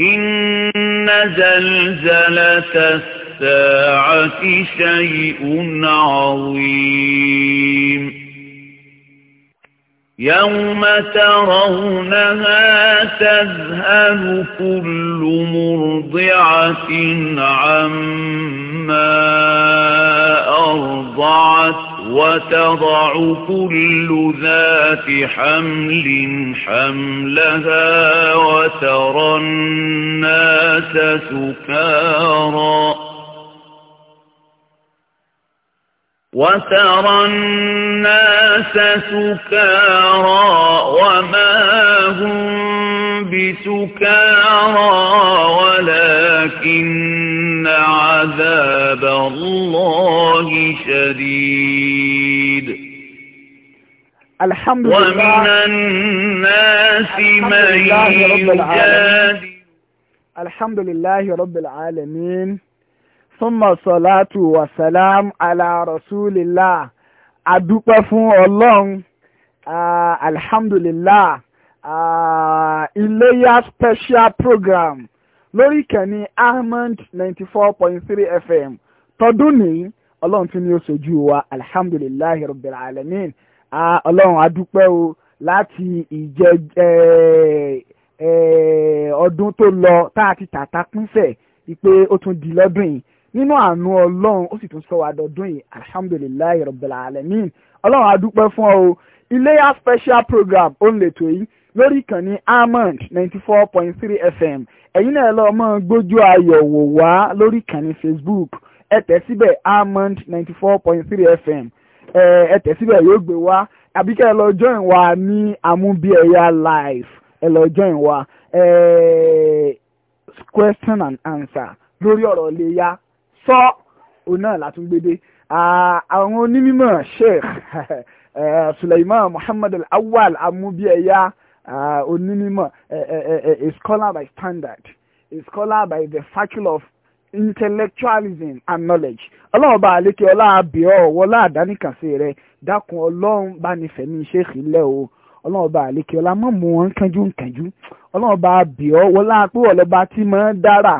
إن زلزلة الساعة شيء عظيم يوم ترونها تذهل كل مرضعة عما أرضعت وتضع كل ذات حمل حملها وترى الناس سكارا وترى الناس سكارا وما هم بسكارا ولكن عذاب الله شديد الحمد لله ومن الناس من يجادل الحمد لله رب العالمين ثم الصلاة والسلام على رسول الله adúpẹ́ fún ọlọ́run alhamdulillah iléyà special program lórí ìkànnì ahmed ninety four point three fm tọdún ní ọlọ́run tún ní ó ṣojú wa alhamdulillahi rabbil alamin ọlọ́run adúpẹ́ o láti ìjẹ ọdún tó lọ tá a ti tàta kúnfẹ̀ pé ó tún di lọ́dún yìí nínú àánú ọlọ́run ó sì tún sọ wá dọdún yìí alhamdulilayi rabbil alamin ọlọ́run adúpẹ́ fún ọ o iléyà special program ó ń lètò yìí lórí ìkànnì amond ninety four point three fm ẹ̀yin náà lọ́ọ́ mọ́ gbójú ayọ̀ wò wá lórí ìkànnì facebook ẹ tẹ̀ síbẹ̀ amond ninety four point three fm ẹ tẹ̀ síbẹ̀ yóò gbé wá àbí kẹ́ ẹ lọ join wa ní amúbíẹ̀yà live ẹ lọ join wa question and answer lórí ọ̀rọ̀ léyà sọ òun náà látúngbédé àwọn onímọ̀ sheikh suleiman muhammad al-awwal amúbíẹ̀yà onímọ̀ a scholar by standard a scholar by the faculty of intellectualism and knowledge ọlọ́run bá àlékè ọlá àbíọ́ ọ̀wọ́ láàdánìkàsí rẹ dákun ọlọ́run bá ní fẹ̀mí ṣéèkì lẹ́ o ọlọ́run bá àlékè ọlá mọ̀ mú wọn kánjú kánjú ọlọ́run bá àbíọ́ wọlá pé ọlọ́ba tí mọ́ dára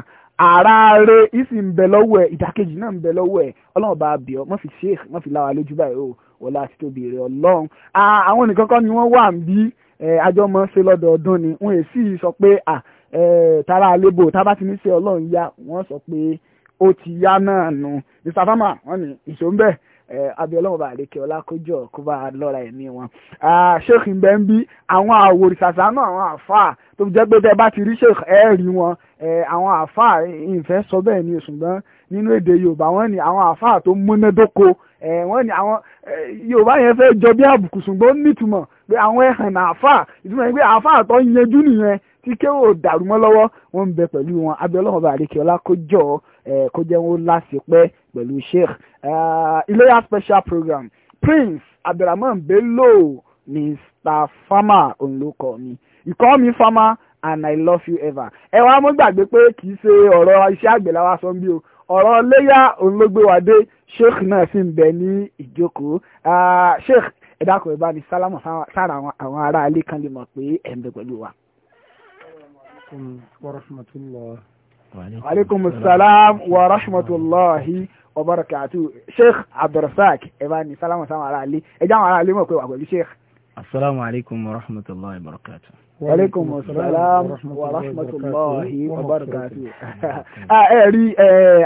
ara rẹ ìsì ń bẹ lọ́wọ́ ẹ̀ ìdàkejì náà ń bẹ lọ́wọ́ ẹ̀ ọlọ́run bá bì wọ́n fi ṣe wọ́n fi láwa lójú báyìí o wọlé àti tóbi rẹ ọlọ́run àwọn nìkan kọ́ ni wọ́n wà ń bí àjọmọ́ tara àlebo tábà ti ní ṣe ọlọ́run yá wọ́n sọ pé ó ti yá náà nù mr farmer wọ́n ní ìṣó ń bẹ̀ abiolóhùn bá àlékè ọlákójọ kó bá lọ́ra ẹ̀mí wọn. sheikh mbembi àwọn àwòrìṣàṣà náà àwọn àfáà tó jẹ́ pé tẹ́ bá ti rí sheikh ẹ̀ rí wọn àwọn àfáà ìfẹ́ sọ bẹ́ẹ̀ ni ṣùgbọ́n nínú èdè yorùbá wọ́n ní àwọn àfáà tó múnádóko wọ́n ní àwọn yorùbá yẹn fẹ́ jọ bí àbùkù ṣùgbọ́n nítumọ̀ pé àwọn ẹ̀hàn àfáà ìtumọ̀ yẹn pé àfáà tó yanjú nìyẹn tí kéwò dàrú mọ́ lọ́wọ́ wọ́n ń bẹ pẹ̀lú wọn abẹ́ ọlọ́run bá àríkè ọlá kó jọ kó pẹ̀lú sheikh iléyà special program prince abdulrahman bello mr farmer òun ló kọ́ mi ìkọ́ mi farmer and i love you ever ẹ wá mọ́ gbàgbé pé kì ṣe ọ̀rọ̀ iṣẹ́ àgbẹ̀ la wá sọ bí o ọ̀rọ̀ léyà òun sheikh náà sì ń bẹ ní ìjókòó sheikh ẹ dákun ẹ bá ní sálámù sára àwọn ará ilé kan lè mọ̀ pé ẹ̀ ń bẹ pẹ̀lú wa. عليكم ورحمة الله وعليكم السلام ورحمة الله وبركاته شيخ عبد الرزاق إباني سلام وسلام على علي إجام على علي موكو أقول شيخ السلام عليكم ورحمة الله وبركاته وعليكم السلام ورحمة الله وبركاته ẹ̀rí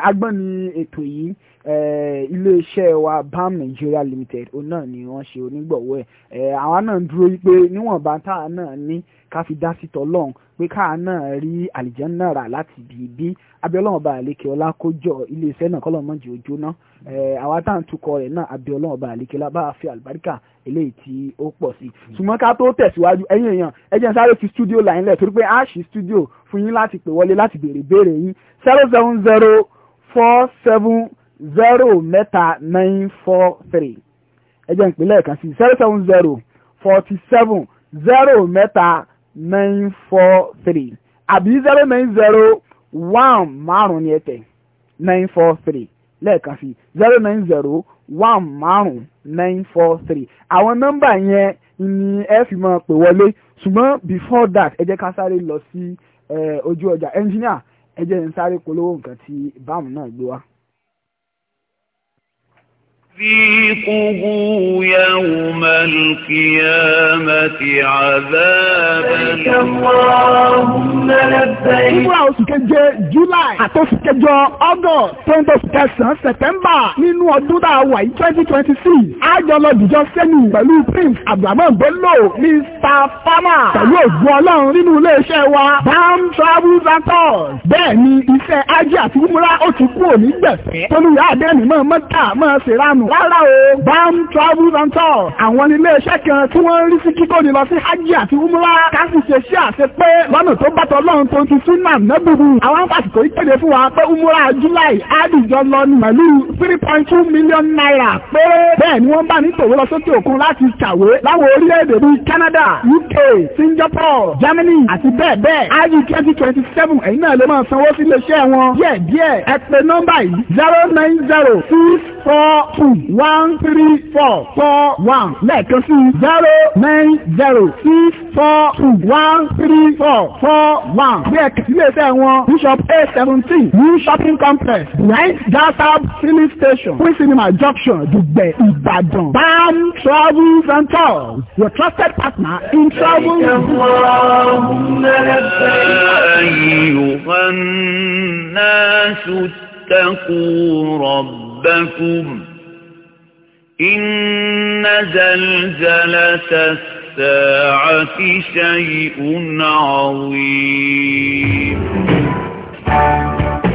agbọ́n ni ètò yìí Eh, iléeṣẹ́ wa BAM Nigeria Limited òun náà ni wọ́n ṣe onígbọ̀wọ́ ẹ̀ eh, àwa náà ń dúró wípé níwọ̀nba táwa náà ní ká fi dá sí tọ́lọ́hún pé káà náà rí àlìjánnà rà láti ibi ibi abiyọlọ́wọ́n bá àlékè ọlá kójọ iléeṣẹ́ náà kọ́lọ́ mọ́jì òjò náà eh, àwa tá ń tukọ̀ rẹ̀ náà abiyọlọ́wọ́n bá àlékè ọlá bá a fi àlùbáríkà eléyìí tí ó pọ̀ sí i ṣùgbọ́n ká tó tẹ̀síwájú ẹ̀yin èèyàn ẹ sáré fi studio line lẹ̀ torí pé a studio fún yín láti pè wọlé láti béèrè béèrè yín zero seven zero four seven zero mẹ́ta nine four three ẹjẹ́ ìpínlẹ̀ kan sí zero seven zero forty seven zero mẹ́ta nine four three àbí zero nine zero one márùn ní ẹ̀tẹ̀ nine four three lẹ́ẹ̀kan sí zero nine zero one márùn nine four three àwọn nọ́mbà yẹn ni ẹ fi máa pè wọlé ṣùgbọ́n before that ẹ jẹ́ ká sáré lọ sí ojú ọjà engineer ẹ jẹ́ ń sáré polówó nǹkan tí báàmù náà gbé wá. يذيقه يوم القيامة عذابا Nígbà oṣù keje July àtọ́sù kẹjọ August twenty oṣù kẹsàn-án September nínú ọdún tá a wà yìí twenty twenty six. Àjọ lọ dìjọ sẹ́nu pẹ̀lú Prince Abdulrahman Bello Mr. Farmer pẹ̀lú ògùn ọlọ́run nínú iléeṣẹ́ wa Bam Travels and Tours. Bẹ́ẹ̀ni iṣẹ́ ajé àti múra ó ti kú òní gbẹ̀fẹ́. Tolúyà Adẹ́ni máa mọ́ta máa ṣèrànù nù. rárá o bam travels and tours. àwọn ilé iṣẹ́ kan tí wọ́n ń rí sí kíkó ni lọ sí hajj àti umrah. káàsì ṣe ṣe àṣẹ pé lọ́nà tó bàtọ̀ lọ́run tó ń tu sunna nẹ́bùrù. àwọn fàṣìkò yìí kéde fún wa pé umrah july àdìjọ lọ ní pẹ̀lú three point two million naira péré. bẹ́ẹ̀ ni wọ́n bá ní tòwó lọ sókè òkun láti kàwé láwọn orílẹ̀-èdè bíi Canada UK Singapore Germany àti bẹ́ẹ̀ bẹ́ẹ̀. hajj twenty twenty seven ẹ̀yin náà lè máa sanwó sí iléeṣẹ́ wọn. díẹ̀ díẹ̀ ẹ pè nọ́mbà yìí zero nine zero six four two two one three four four one lẹ́ẹ̀kan sí zero nine zero six four two one three four four one bí ẹ̀ka sílé iṣẹ́ wọn bishop a seventeen new shopping complex behind gasab filling station free cinema junction dùgbẹ̀ ìbàdàn bam travels and tours your trusted partner in travel. أيها الناس اتقوا ربكم إن زلزلة الساعة شيء عظيم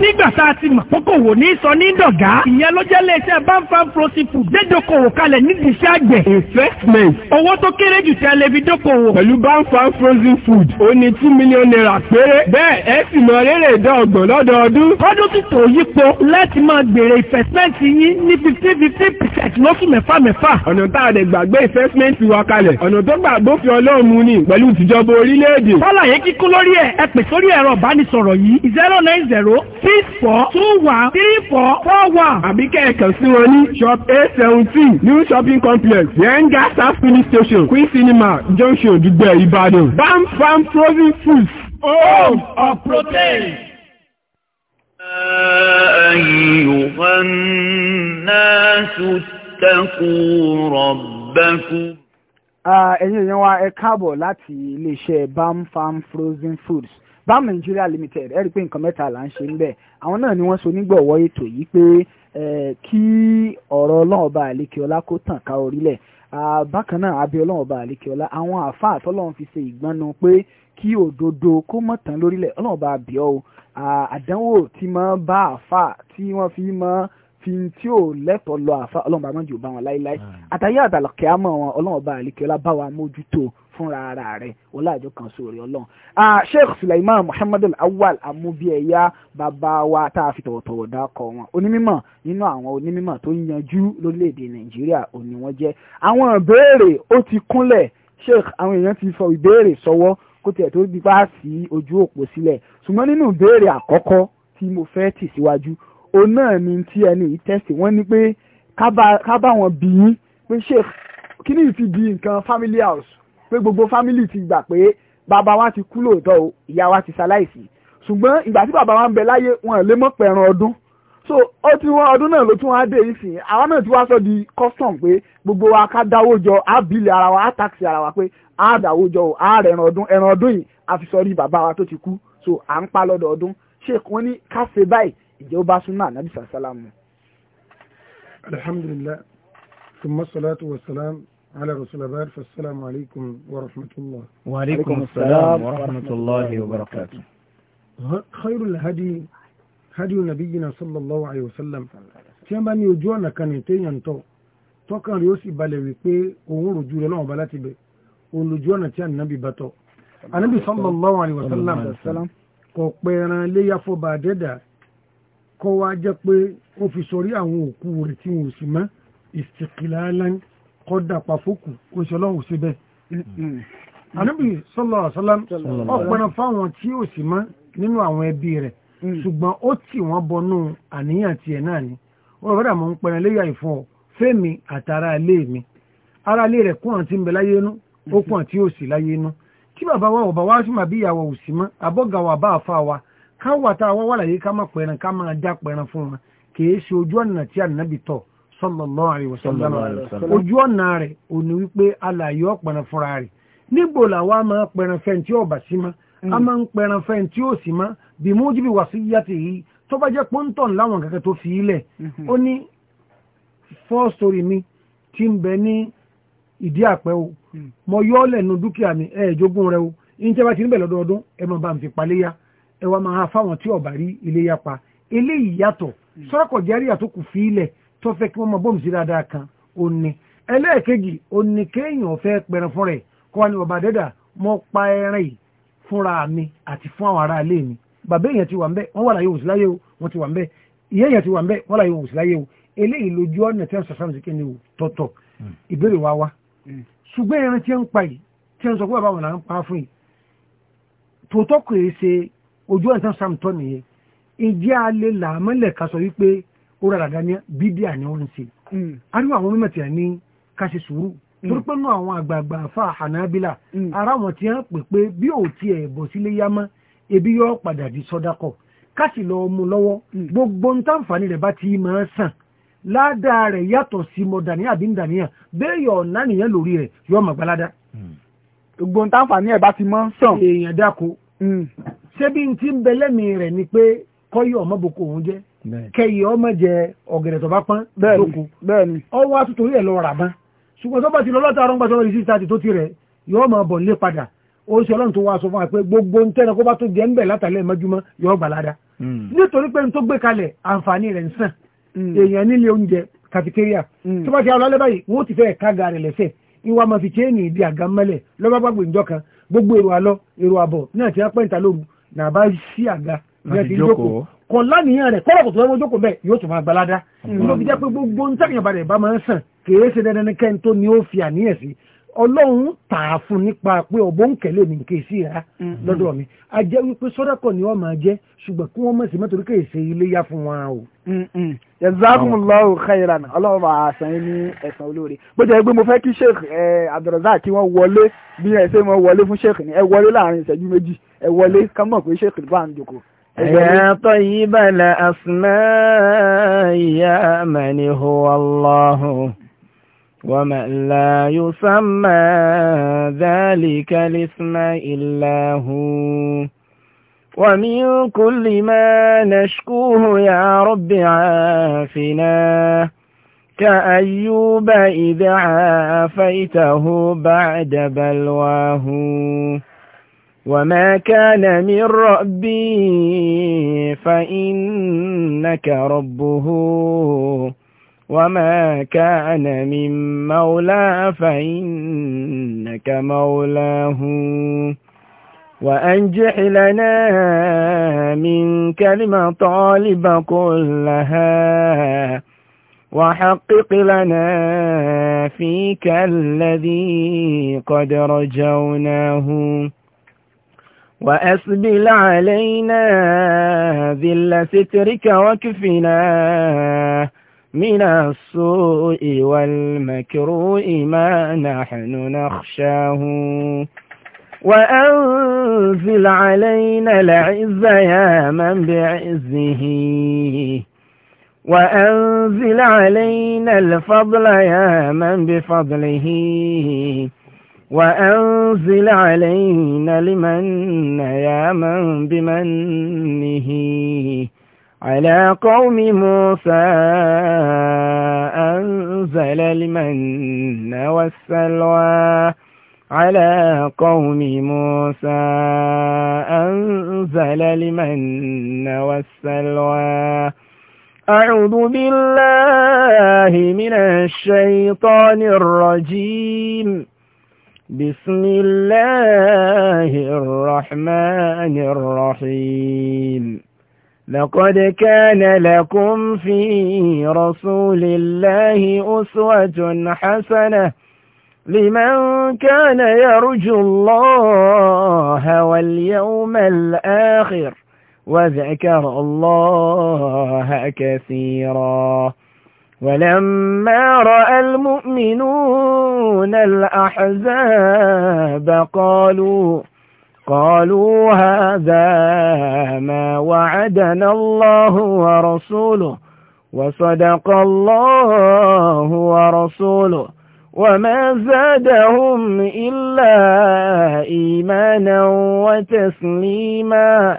nígbà tá a ti mọ̀ kókòwò ní sọ ní dọ̀gá ìyẹn ló jẹ́ léṣẹ́ banfan prosipu dédokòwò kalẹ̀ nídìí iṣẹ́ àgbẹ̀. investment owó tó kéré jù tẹ́ lè fi dókòwò. pẹ̀lú banfan frozen food ó ní two million naira péré bẹ́ẹ̀ ẹ sì mọ rere ìdá ọgbọ̀n lọ́dọọdún. kọ́dún tí tò yípo láti máa gbèrè investment yín ní fifty fifty percent lóṣù mẹ́fà mẹ́fà. ọ̀nà tá a lè gbàgbé investment wa kalẹ̀ ọ̀nà tó gbàgbó fi ọlọ́run ni pẹ̀lú ìtìjọba orílẹ̀-èdè. sálàyé six four two one three four four one àbí kẹ̀kẹ́ sí wọn ní shop a seventeen new shopping complex yenga south police station queen cinema junction dùgbẹ̀ ìbàdàn bam bam frozen foods home of protein. أيها الناس اتقوا ربكم ẹ̀yin èèyàn wa ẹ káàbọ̀ láti iléeṣẹ́ bam farm frozen foods BAM Nigeria Limited ẹ̀rí pé nǹkan mẹ́ta là ń ṣe níbẹ̀ àwọn náà ni wọ́n so nígbọ̀wọ́ ètò yìí pé kí ọ̀rọ̀ ọlọ́run ọba àlekè ọlá kó tàn ká orílẹ̀ bákan náà abẹ́ ọlọ́run ọba àlekè ọlá àwọn àáfàá àtọ́lọ́run fi ṣe ìgbọ́nu pé kí òdodo kó mọ̀ tán lórílẹ̀ ọlọ́run ọba àbíọ́ o àdánwò tí máa bá àáfàá tí wọ́n fi máa fi tí ò lẹ́tọ̀ọ́ lọ àáfàá ọlọ́run ọba àmọ́jù bá wọn láéláé àtàyé àdàlọ́kẹ́ àmọ́ fúnra ara rẹ̀ ọláàjọ kan sórí ọlọ́run. sheikh suleiman muhammed awal amúbíẹ̀yà bàbá wa tá a fi tọ̀wọ̀tọ̀wọ̀ dá kọ wọn onímọ̀ nínú àwọn onímọ̀ tó yanjú lórílẹ̀‐èdè nàìjíríà òní wọ́n jẹ́ àwọn ìbéèrè ó ti kúnlẹ̀ sheikh àwọn èèyàn ti fọ ìbéèrè sọ́wọ́ kó tiẹ̀ tó di pa sí ojú òpó sílẹ̀ ṣùgbọ́n nínú ìbéèrè àkọ́kọ́ tí mo fẹ́ tì síwájú òun náà ni tí ẹni yìí family house pé gbogbo fámìlì ti gbà pé bàbá wa ti kú lóòótọ́ o ìyá wa ti ṣaláìsí ṣùgbọ́n ìgbà tí bàbá wa ń bẹ láyé wọn lè mọ̀ pẹ̀ràn ọdún so ó ti wọn ọdún náà ló tún wá dé ìsìn àwa náà ti wá sọ di custom pé gbogbo wa ká dáwó jọ á bìlì ara wa á taxi ara wa pé á dáwó jọ o á rẹ̀ràn ọdún ẹ̀ràn ọdún yìí a fi sọ rí bàbá wa tó ti kú so à ń pa lọ́dọ̀ ọdún ṣé wọ́n ní ká ṣe báyìí ìjẹ́ ó bá súnmọ́ ànábì sàlámù. alhamdulilayi summa salatu على رسول الله فالسلام عليكم ورحمة الله وعليكم السلام ورحمة الله وبركاته خير الهدي هدي نبينا صلى الله عليه وسلم tí a bá ní ojú ọ̀nà kan ní téèyàn tọ̀ tọ́kàn rí ó sì balẹ̀ wípé òun rojú rẹ̀ lọ́wọ́ bá láti bẹ̀ òun lójú ọ̀nà tí ànábì bá tọ̀ ànábì sallallahu alaihi wasallam kò pẹ́ ẹran léyà fọba àdẹ́dà kọ́ wa jẹ́ pé ó fi sọrí àwọn òkú rẹ̀ tí wọn ò sì mọ́ istiqlalan kọ́ dàpà fókù kò sí ọlọ́run sí bẹ́ẹ̀. Mm. Mm. ànábì sọlọ ọsọlám ọpẹran fáwọn tí ò sì mọ nínú àwọn ẹbí rẹ̀ mm. ṣùgbọ́n ó tì wọ́n bọnú àníyàn tiẹ̀ náà ni wọn rọdà mọ ń pẹran léyà ìfún ọ fẹmi àtàrà ilé mi ara ilé rẹ̀ kún àti ń bẹ láyé inú ó kún àti ó sì láyé inú tí bàbá wa ọba wa sì máa bí ìyàwó òsì mọ abọ́gà wa bá àfa wa káwà tá a wá wà láyé ká má pẹran ká máa dá pẹran fún wọn kì í ṣe ojú ọ̀nà tí ànábì tọ̀ sallallahu alaihi wasallam ojú ọ̀nà rẹ̀ ò ní wípé alàyè ọ̀pẹ̀rẹ̀ fúnra rẹ̀ níbo làwa máa pẹ̀rẹ̀ fẹ́ni tí ó bà sí ma a mm. máa ń pẹ̀rẹ̀ fẹ́ni mm-hmm. story mi ti ń bẹ ní ìdí àpẹ́ o mm. mo yọ́ lẹ́nu dúkìá mi ẹ̀ẹ́dógún rẹ o ìyíntẹ́ bá ti níbẹ̀ lọ́dọọdún ẹ máa bá ń fi paléyà ẹ wá máa fáwọn tí ọ̀bà rí iléyà pa eléyìí yàtọ̀ mm. sọ́kọ̀ jẹ́rìí àtòkù fi ilẹ̀ tó fẹ́ kí wọ́n mọ bóòmù sí dáadáa kan ó ní ẹlẹ́ẹ̀kejì ó ní kéèyàn fẹ́ pẹran fún rẹ̀ kó wá ní bàbá dẹ́dà mọ́ pa ẹran yìí fúnra mi àti fún àwọn ará ilé mi bàbá èèyàn ti wà ń bẹ wọ́n wà láyé òsì láyé o wọ́n ti wà ń bẹ ìyá èèyàn ti wà ń bẹ wọ́n láyé òsì láyé o eléyìí lójú ọ̀nà tí wọ́n sọ sáà nìkan ni o tọ̀tọ̀ hmm. ìbéèrè wa wá hmm. ṣùgbọ́n ẹran tí wọ́n ń pa yìí tí wọ́n sọ pé bàbá wọn là ń pa fún yìí tòótọ́ kò ṣe ojú ọ̀nà tí wọ́n sọ sáà nìkan nìyẹn ìdí alẹ́ làmọ́lẹ̀ ká sọ wípé ó rárá dání bídíà ni wọ́n ń ṣe hmm. ariwo àwọn mímọ̀ tí a ní ká sùúrù hmm. torípé náà àwọn àgbààgbà fa hanabila hmm. ara wọn ti hàn pé pé bí ò tiẹ̀ bọ̀ sílé yámá ebi yóò padà di sọ́dákọ̀ ká sì lọ mú lọ́wọ́ gbogbo ń tàǹfààní rẹ̀ bá ti máa sàn ládàá rẹ̀ yàtọ̀ sí mọ̀ dàníyà bí ń dàníyà bẹ́ẹ̀ yọ̀ ọ̀nà nìyẹn lórí rẹ̀ yọ̀ mọ̀ gbalada. gbogbo ń tàǹfààní ẹ̀ bá ti máa sàn. èèyàn dáko ṣé bí n ti ń rẹ̀ ni pé kọ́yọ̀ ọmọ òun jẹ́ kẹyì ọmọ jẹ ọ̀gẹ̀dẹ̀ tó bá pọ́n lóko ọwọ́ àtútorí ẹ̀ lọ rà bán ṣùgbọ́n tó bá ti lọ lọ́tà ọ̀rọ̀ ń gbàtọ́ ìrísí tó ti rẹ̀ yọ ọmọ bọ̀ lé padà ó ṣe ọlọ́run tó wá sọ fún wa pé gbogbo ń tẹ́lẹ̀ kó bá tó jẹ́ ń bẹ̀ látàlẹ́ mọ́júmọ́ gbogbo èrò èrò àbọ̀ náà ti á pẹ́ǹtà lóru sí láti jókòó kọ̀ lánìyàn rẹ̀ kọ́lọ̀kọ̀ tó wọ́n jókòó bẹ́ẹ̀ yóò tún máa gbalada hmm. ló fi jẹ́ pé gbogbo ń tẹ̀yìn balẹ̀ bá máa ń sàn kìí ṣe dandan kẹ́ni tó ní ó fi àníyàn sí ọlọ́run tà á fún nípa pé ọ̀bọ ń kẹ̀lé mi kì í sí ra hmm. lọ́dọ̀ mi a jẹ́ wípé sọ́dọ̀kọ̀ ni wọ́n máa jẹ́ ṣùgbọ́n kí wọ́n mọ̀ sí mẹ́tòrí kìí ṣe iléyà fún wọn o. Hmm, jazakumullahu khairan ọlọ́run bá a sàn yín ní ẹ̀sán olóore bó jẹ́ pé mo fẹ́ kí sheikh abdulrasaq kí wọ́n wọlé bí ẹ ṣe wọ́n wọlé fún sheikh ni ẹ wọlé láàrin ìṣẹ́jú méjì ẹ wọlé ká pé sheikh bá ń jókòó. يا طيب الأسماء يا من هو الله ومن لا يسمى ذلك الاسم إلا هو ومن كل ما نشكوه يا رب عافنا كأيوب إذ عافيته بعد بلواه وما كان من ربي فإنك ربه وما كان من مولى فإنك مولاه وأنجح لنا من كلمة طالب كلها وحقق لنا فيك الذي قد رجوناه وأسبل علينا ذل سترك وكفنا من السوء والمكروه ما نحن نخشاه وأنزل علينا العز يا من بعزه وأنزل علينا الفضل يا من بفضله وأنزل علينا لمن يا من بمنه على قوم موسى أنزل المن والسلوى على قوم موسى أنزل المن والسلوى أعوذ بالله من الشيطان الرجيم بسم الله الرحمن الرحيم لقد كان لكم في رسول الله أسوة حسنة لمن كان يرجو الله واليوم الآخر وذكر الله كثيراً ولما رأى المؤمنون الأحزاب قالوا قالوا هذا ما وعدنا الله ورسوله وصدق الله ورسوله وما زادهم إلا إيمانا وتسليما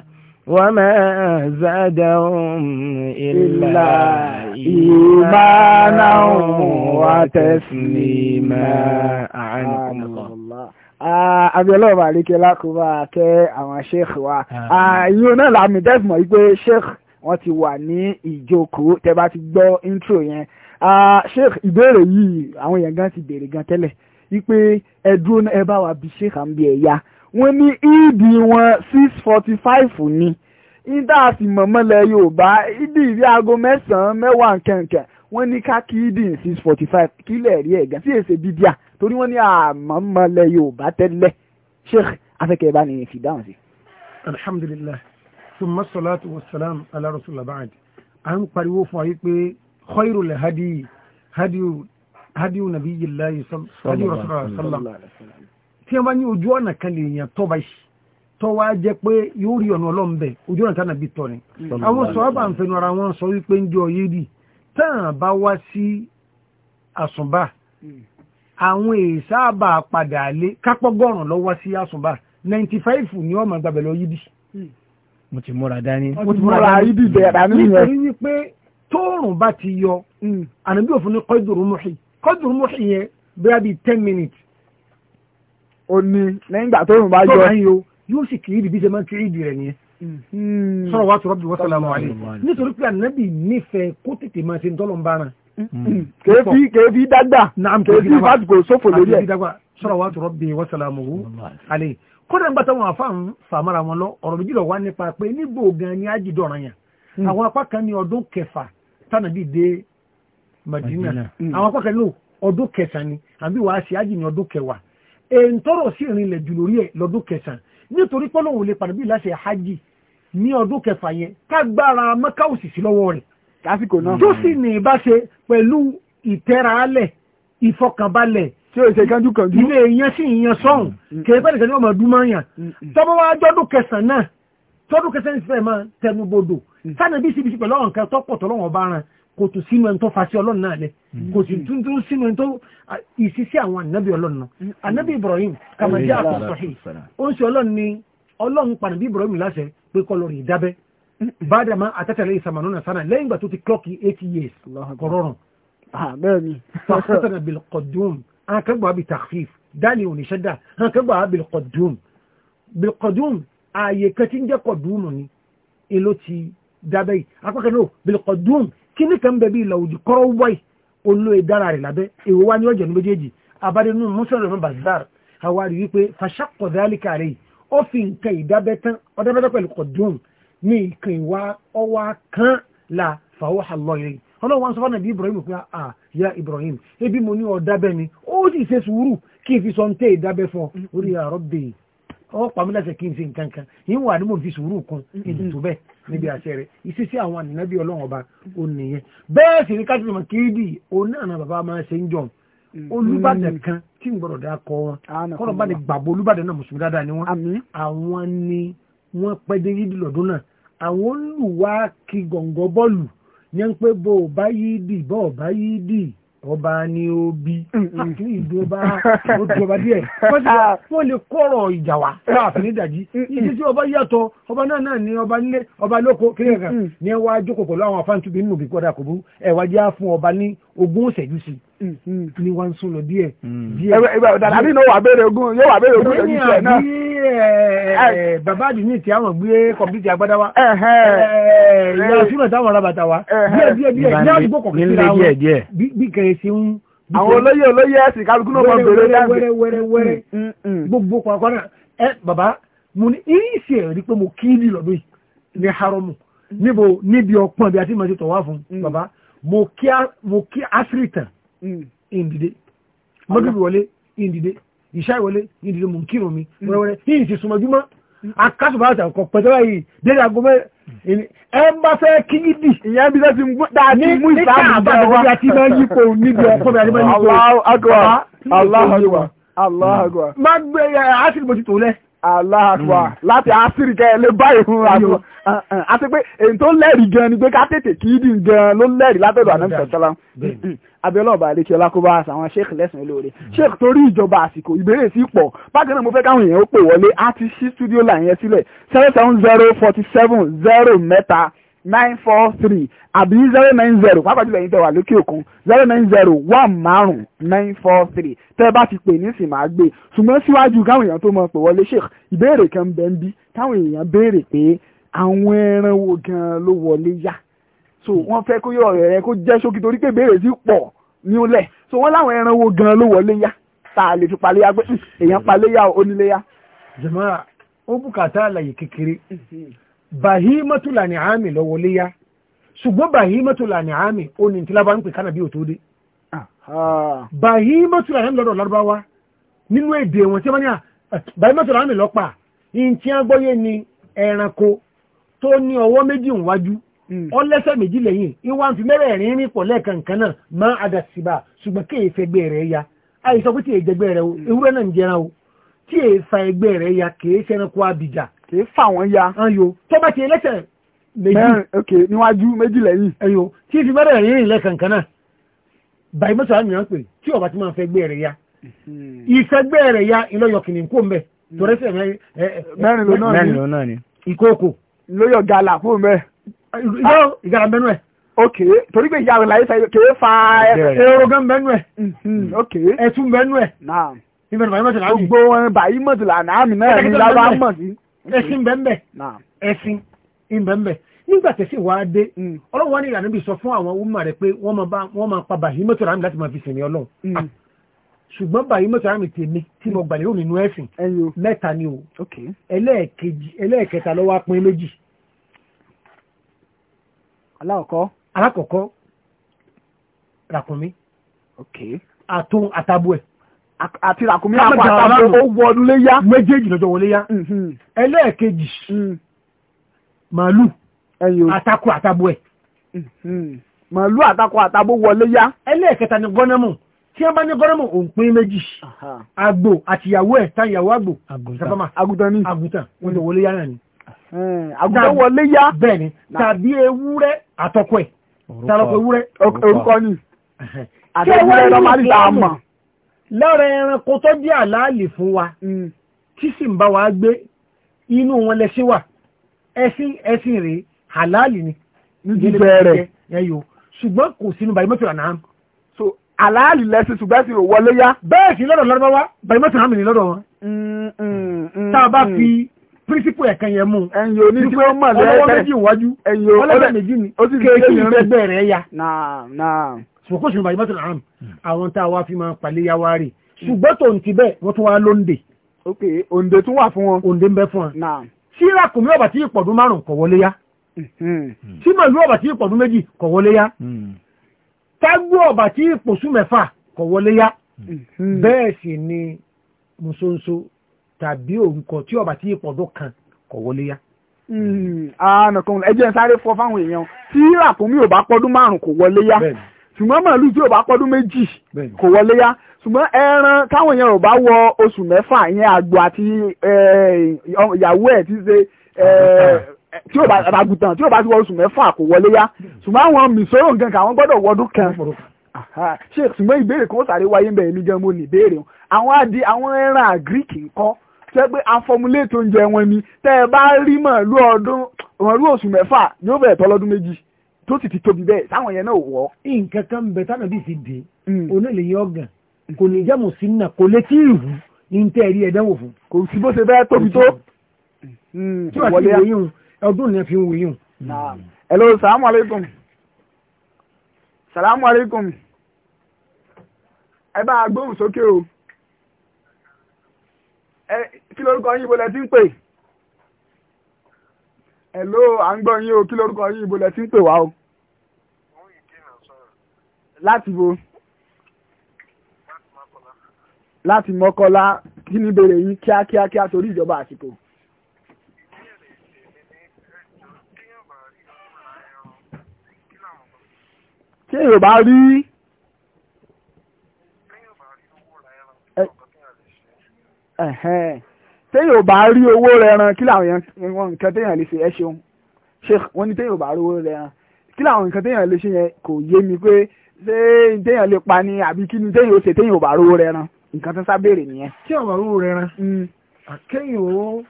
وما زادهم إلا إيمانا وتسليما عنكم الله abiola ọba àríkẹlá kó bá a kẹ́ àwọn sheikh wa yóò náà làmì dẹ́fùmọ̀ wípé sheikh wọ́n ti wà ní ìjókòó tẹ́ bá ti gbọ́ intro yẹn sheikh ìbéèrè yìí àwọn èèyàn gan ti béèrè gan tẹ́lẹ̀ wípé ẹ̀dúró ẹ bá wa bí sheikh à ń bí ẹ̀ ya wọ́n ní ìdí wọn six forty five ni níta sì mọ̀mọ́lẹ̀ yorùbá ìdí ìrí aago mẹ́sàn-án mẹ́wàá nkẹ̀ǹkẹ̀ wọ́n ní ká kí ìdí six forty five kílẹ̀ rí ẹ̀gán sí èsè bídíà torí wọ́n ní àmọ́mọ́lẹ̀ yorùbá tẹ́lẹ̀ sheikh afẹ́kẹ́ bá nìyẹn fi dáhùn sí. alhamdulilayi summa salatu wa salam ala rasulillah ba'ad à ń pariwo fún ayé pé khairul hadi hadi hadi nabiyillahi hadi rasulillah sallam tí wọ́n bá ní ojú ọ̀nà kan lè yàn tọ́ báyìí tọ́ wá jẹ́ pé yóò rí ọ̀nà ọlọ́run bẹ̀ ojú ọ̀nà tánà bí tọ́ ni àwọn sọ̀rọ̀bà ń fẹnu ara wọn sọ wípé ń jọ yéèdì tán bá wá sí àsùnbà àwọn èsàbà padà lé kápọ́gọ́rùn lọ wá sí àsùnbà 95 ni ọmọ gbàgbẹ̀ lọ yídì mo ti múra dání mo ti múra yídì bẹ̀rẹ̀ dání yẹn nítorí wípé tóòrùn bá ti yọ hmm. ànábí òfin ní kọ́dùrú mùsì kọ́dùrú mùsì yẹn bí minutes ó ní lẹ́yìn ìgbà tó rùn bá yọ ẹ̀yìn o yóò sì kì í dìbí ṣe máa ń kì í dì rẹ̀ nìyẹn hmm. sọ̀rọ̀ wá sọ̀rọ̀ bí wọ́n sọ̀rọ̀ àwọn àlè hmm. nítorí pé ànábì nífẹ̀ẹ́ kó tètè máa ṣe ń tọ́lọ̀ ń bá ràn. kèéfì hmm. kèéfì dágbà kèéfì fásitì sófò lórí ẹ̀. sọ̀rọ̀ wá sọ̀rọ̀ bí wọ́n sọ̀rọ̀ àwọn àlè kódà nígbà táwọn àfáàn fàmọ́ra wọn lọ ọ̀rọ̀ méjìlá wá nípa pé níbo èyí tọrọ sí ìrìnlẹ̀ jù lórí ẹ̀ lọ́dún kẹsàn-án nítorí pọ́lọ́hùn lè pàdé bí láṣẹ hajj ní ọdún kẹfà yẹn kágbára mọ́ká òsìsí lọ́wọ́ rẹ̀ lásìkò náà tó sì ní ìbáṣe pẹ̀lú ìtẹ́raálẹ̀ ìfọkànbalẹ̀ tí ó ṣe kánjú kánjú ilé ìyẹn sí ìyẹn sọ́hùn kèrè pẹ́lú ìṣẹ́ni ọmọ ọdún márùn-ún tọ́bọ́ wá jọ́dún kẹsàn náà tọ́dún kẹsàn ní fẹ́ẹ̀ máa tẹnubodò mm. sánà bí síbi pẹ̀lú ọ̀nkẹ́ tọ́pọ̀ tọ́lọ́wọ̀n bá ran kò tún sínú ẹni tó fasí ọlọ́run náà lẹ mm. kò sì tún tún sínú ẹni tó ìsísí àwọn ànábì ọlọ́run náà mm. ànábì Ibrahim kàmájí àkọsọ̀hìn ó ń sọ ọlọ́run ni ọlọ́run pa ànábì Ibrahim láṣẹ pé kọ́ lórí ìdábẹ́ bàdà máa àtẹ́tẹ̀lẹ́ ìsàmánú náà sánà lẹ́yìn ìgbà tó ti clock eighty years kọ̀rọ̀rùn. bẹ́ẹ̀ni. fàkọ́tàna bilkọ̀dùn akẹ́gbàá bi tàfíf dáàlì oníṣẹ́dá akẹ́gbàá bilkọ̀dùn bilkọ̀dùn ààyè kẹtí ń jẹ́ kọ̀dùn ni èló ti dábẹ́ yìí apákan náà kíní kan bẹ̀ bí ìlà òjì kọ́rọ́ wáì olú ìdára e rẹ̀ lábẹ́ èwo wá ní ọjọ́ ní méjèèjì abadé nínú mùsùlùmí fún bazar àwárí wípé fàṣàkọ̀dálíkà rẹ̀ ó fi nǹkan ìdábẹ́ tán ọdábẹ́tán pẹ̀lú kọ̀dùn ní nǹkan ìwà ọwá kan la fàwọ́ àlọ́ rẹ̀ ọlọ́run wọn sọ fún nàbí Ibrahim pé à ya Ibrahim ebi mo ní ọ̀dábẹ́ ni ó sì ṣe sùúrù kí n fi sọ ntẹ́ ìdábẹ́ fún ọ orí àrọ́bẹ̀ ọ̀pọ̀ àmì láti kí n ṣe nǹkan kan yìí wà ní mo fi sùúrù kan ètò bẹ́ẹ̀ níbi àṣẹ rẹ̀ ìṣesí àwọn ànábì ọlọ́run ọba ó nìyẹn bẹ́ẹ̀ sì ni káṣíbi mọ̀ kéèdì òun náà náà bàbá máa ṣe ń jọ mm. olùbàdàn mm. kan tí ń gbọ́dọ̀ dá kọ wọn ah, kọ́nà bá ní gbàgbọ́ olùbàdàn náà mùsùlùmí dáadáa ni wọ́n àwọn ni wọ́n pẹ́ dé yídì lọ́dún náà àwọn olùwà kí gọ̀ǹgọ̀ bọ́ọ̀lù yẹn ń pé bó o bá yídì bó o bá yídì ọba ni ó bí ah, kí ìjọba ó jọba díẹ̀ ah. wọ́n lè kọ́rọ̀ ìjà wa láàfin nídàjí ibi tí ọba yàtọ̀ ọba náà náà ni ọba nílé ọba lóko kiri kan ní ẹwà jókòó pẹ̀lú àwọn afáǹtúbi nínú ìbíkọ́dà kò burú ẹ̀wà jẹ́ fún ọba ní ogún ìṣẹ́jú sí ni wọ́n ń sún lọ díẹ̀. Mm. ẹgbẹ́ ọ̀dà àbí yóò wà bẹ̀rẹ̀ ogún ìṣẹ́jú sí ẹ̀ náà. bàbá àdìní ti àwọn gbé kọ̀mpútì agbada wa ìyá súnmọ̀ táwọn ará wa díẹ̀ díẹ̀ ní àdúgbò kọ̀ọ̀kan síra wọn bí kẹrẹ sí ń. àwọn olóyè olóyè ẹ̀sìn kálukú náà máa bèrè dáàbò. wẹ́rẹ́ wẹ́rẹ́ wẹ́rẹ́ mm, mm, mm, gbogbo kọ̀ọ̀kan náà ẹ bàbá mo ní ìrìnsì ẹ̀ rí pé mo kí ní lọ́dún yìí ní haramu níbo níbi ọpọ́n bí a ti tọ̀ wá fún bàbá mo kí asiri ìndìdé mọ́tò ìṣá ìwọlé yìí dìde mò ń kírun mi wẹ́rẹ́wẹ́rẹ́ yìí ti sùnmọ́ júmọ́ akásùbà àti àkọ́ pẹ̀tẹ́ báyìí dédé aago mẹ́rin ẹ ń bá fẹ́ kí yí dì. ìyá bí láti mú dáadé mú ìsàmù bẹ́ẹ̀ wá nígbà tí máa yípo níbi ọkọ mi àti máa yípo. Allahu hmm. láti àásìrì kẹ́ ẹ báyìí fún àgbà àti pé èyí tó lẹ́rìí gan ni pé ká tètè kí yí gan ló lẹ́rìí látọ̀dọ̀ àná abẹ́lọ́ọ̀bà àdékí ọlákóbá àtàwọn sheikh lẹ́sìn olóore sheikh torí ìjọba àsìkò ìbéèrè sí pọ̀ bákan náà mo fẹ́ káwọn èèyàn ó pè wọlé á ti ṣí studio line yẹn sílẹ̀ seven seven zero forty seven zero mẹ́ta nine four three àbí zero nine zero pàápàá jùlọ ẹ̀yin tẹ́ wà lókè òkun zero nine zero one márùn nine four three tẹ́ ẹ bá ti pè ní sìn máa gbé ṣùgbọ́n síwájú káwọn èèyàn tó mọ pè wọlé sheikh ìbéèrè kan bẹ́ẹ̀ ń bí káwọn èèyàn béèrè pé àwọn ẹran wo gan ló wọlé yá so wọ́n fẹ́ kó yọ̀rọ̀ rẹ̀ kó jẹ́ ṣókí torí pé béèrè sí pọ̀ ní ulẹ̀ so wọ́n láwọn ẹran wo gan ló wọlé yá tá a lè fi paléyà pé hmm, èèyàn paléyà oníléyà. jẹ̀mọ́ra ó bùkátà àlàyé kékeré mhm. bahimatu lani ami lọ wọlé yá ṣùgbọ́n bahimatu lani ami ó ní tí lábá ń pè kánà bí ò tó dé. bahimatu lani lọ́dọ̀ lárúbáwá nínú èdè wọn tí wọ́n ní à ah, bahimatu lani lọ́pàá ìǹtí agbóyè ni ẹranko tó ní ọwọ́ méjì ń wájú ọ hmm. lẹ́sẹ̀ méjì lẹ́yìn ìwà ń fi mẹ́rẹ̀ẹ̀rin ní pọ̀ lẹ́ẹ̀kan kan náà máa àdàsíbà ṣùgbọ́n kí èèfẹ́ gbé rẹ̀ ya àìsàn pé tí èèjẹ gbé rẹ̀ o hmm. ewúrẹ́ náà ń jẹran o tí èèfà ẹgbẹ́ rẹ̀ ya kìí ṣe ẹranko abìjà. kìí fà wọ́n ya. ayo tó bá ti lẹ́sẹ̀ méjì. ok níwájú méjì lẹ́yìn. ayo tí fi mẹ́rẹ̀ẹ̀rin rìn lẹ́ẹ̀kan kan náà bàyí mọ́tò àmì wọn pè tí ọba ti máa fẹ́ hmm. gbé ìgbàlá bẹnu ẹ̀. ok torí pé ìyá rẹ̀ láyé sẹ́yìn kì í fa ẹ̀rọ̀gán bẹnu ẹ̀. Mhm. ok ẹ̀tún bẹnu ẹ̀. ìbẹ̀rù bàyí mọ̀tò láàmì. gbogbo bàyí mọ̀tò láàmì náà ní lábá mọ̀ sí. ẹ̀sìn bẹ́ẹ̀ ẹ̀sìn ìbẹ̀ẹ̀ nígbà tẹ̀sí wá dé mm. ọlọ́run wá ní ìlànà bí sọ fún àwọn ọmọ rẹ̀ pé wọ́n máa pa bàyí mọ̀tò láàmì láti máa fi sìn ní ọlọ́run mm. ah, ṣùgbọ́n báyìí mọ́tò àmì tèmi tí mo gbàlérò nínú ẹ̀sìn mẹ́ta ni o ẹlẹ́ẹ̀kẹta lọ́wọ́ apin méjì alákọ̀ọ́kọ́ alákọ̀ọ́kọ́ ràkúnmí àtún àtàbù ẹ̀ àti ràkúnmí àpò àtàbù ó wọlú léyá méjèèjì lọ́jọ́ wọlé yá mhm. ẹlẹ́ẹ̀kejì mm. mhm. màálù àtakò àtàbù ẹ̀ màálù àtakò àtàbù wọlé yá ẹlẹ́ẹ̀kẹta ni gọ́nẹ́mù tí a bá ní gọ́rọ́mù òǹpin méjì àgbò àtìyàwó ẹ̀ táyàwó àgbò àgùntàn àgùntàn wọ́n lè wọlé yára ni Hmm, àgùntàn wọlé yá tàbí ewúrẹ́ àtọkọ ẹ̀ tàbí ewúrẹ́ orúkọ ni kí ewúrẹ́ lọ máa ń ta mọ̀. lára ẹranko tó jẹ́ àlàálì fún wa hmm. tí sì ń bá wa gbé inú wọn lẹ́sìn wà ẹ̀sìn ẹ̀sìn rèé àlàálì ni jíjẹ rẹ̀ ẹ̀yọ́ ṣùgbọ́n kò sínú bàyìmọ́tò àná àlàálì lẹ́sìn ṣùgbọ́n sì wọlé yá. bẹ́ẹ̀ sì lọ́dọ̀ lọ́dọ̀ wá bàyìmọ́tò àná mi ni lọ́dọ̀ wọn. Hmm, tá a bá fi pírísìpù ẹ̀kan yẹn mú ẹ̀yìn oníṣẹ́ ó mọ̀ lẹ́yìn ọlọ́wọ́ méjì wájú ọlọ́wọ́ méjì ni kéèkì ìfẹ́gbẹ́ rẹ̀ yá. ṣùgbọ́n ṣùgbọ́n ìbáṣọ àrùn àwọn tá a wá fi máa pàlẹ́ yá wá rè hmm. ṣùgbọ́n tó ń ti bẹ́ẹ̀ wọ́n tún wá lóńdè. ok òǹdè tún wà fún wọn. òǹdè ń bẹ fún wọn. síra kùnmí ọ̀bà tí ìpọ̀dún márùn-ún kọ̀ wọlé yá. Hmm. sí màlúù ọ̀bà tí ìpọ̀dún méjì kọ̀ wọlé yá. Hmm. tágbó ọ̀bà tí ìpòsù mẹ́fà kọ̀ wọlé yá. bẹ́ẹ̀ sì ni mùsọ̀nsọ̀ tàbí òǹkọ tí ọba tí ìpọ̀dọ̀ kan kọ̀ wọlé yá. Hmm, ànàkùn ẹjẹ sáré fọ fáwọn èèyàn tí ràkúnmí ò bá pọ́dún márùn kò wọlé yá ṣùgbọ́n màálù tí ò bá pọ́dún méjì kò wọlé yá ṣùgbọ́n ẹran táwọn èèyàn ò bá wọ oṣù mẹ́fà ìyẹn àgbò àti ìyàwó ẹ̀ ti ṣe tí ò bá àgùntàn tí ò bá ti wọ oṣù mẹ́fà kò wọlé yá ṣùgbọ́n àwọn mìsòrò nǹkan kà wọ́n gbọ́dọ̀ wọdún kan ṣe ṣùgbọ́n ìbéèrè kan ó sáré wáyé ń bẹ̀rẹ̀ mi gan mo ní ìbéèrè àwọn adìẹ àwọn ẹran àgíríkì ńkọ́ tẹ́ pé afọmúléètò oúnjẹ wọn ni tẹ́ ẹ bá rí màálù ọdún màálù oṣù mẹ́fà yóò bẹ̀rẹ̀ tọ́ lọ́dún méjì tó sì ti tóbi bẹ́ẹ̀ yẹn náà wọ̀. nǹkan kan bẹ tánà bí fi dé onílẹ̀yìn hmm. ọ̀gàn kò ní jẹ́ mùsùlùmí kò lè tí ì wù ní tẹ́ ẹ̀rí ẹ̀dánwò fún. kò sí hmm, kí lórúkọ yín ìbòlẹ̀ tí ń pè à ń gbọ́ yín o kí lórúkọ yín ìbòlẹ̀ tí ń pè wá o. láti bo láti mọ́kọ́lá kí ní bèrè yín kíákíá kíá torí ìjọba àsìkò. tí bá rí téèyàn ò bá rí owó rẹran kí làwọn èèyàn nǹkan téèyàn lè ṣe ẹ ṣeun sheikh wọn ní téèyàn ò bá rí owó rẹran kí làwọn nǹkan téèyàn lè ṣe yẹn kò yé mi pé ṣé téèyàn lè pa ni àbí kí ni téèyàn ò ṣe téèyàn ò bá rí owó rẹran nǹkan tó sábèrè nìyẹn. tí àwọn owó rẹran mm. kéèyàn ó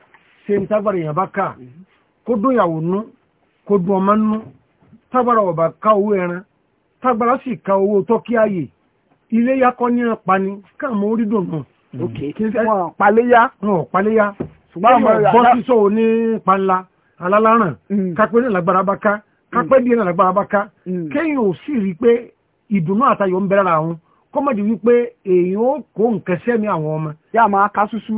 ṣe ìtagbára èèyàn bá kà kó dún ìyàwó nú kó dún ọmọ nú tágbára ọ̀bà ká owó ẹran tágbára sì ká owó tọ́kí ilé yakọ́ ní Mm. ok kí wọ́n na kápẹ́ ní lágbára bá ká kápẹ́ mm. díẹ̀ ní lágbára bá ká mm. kéèyàn ò sì rí pé ìdùnnú àtayọ̀ ń bẹ̀rẹ̀ ra kọ́mọ̀dé wípé èèyàn ó kó nǹkan sẹ́mi àwọn ọmọ. yá máa ká súsú.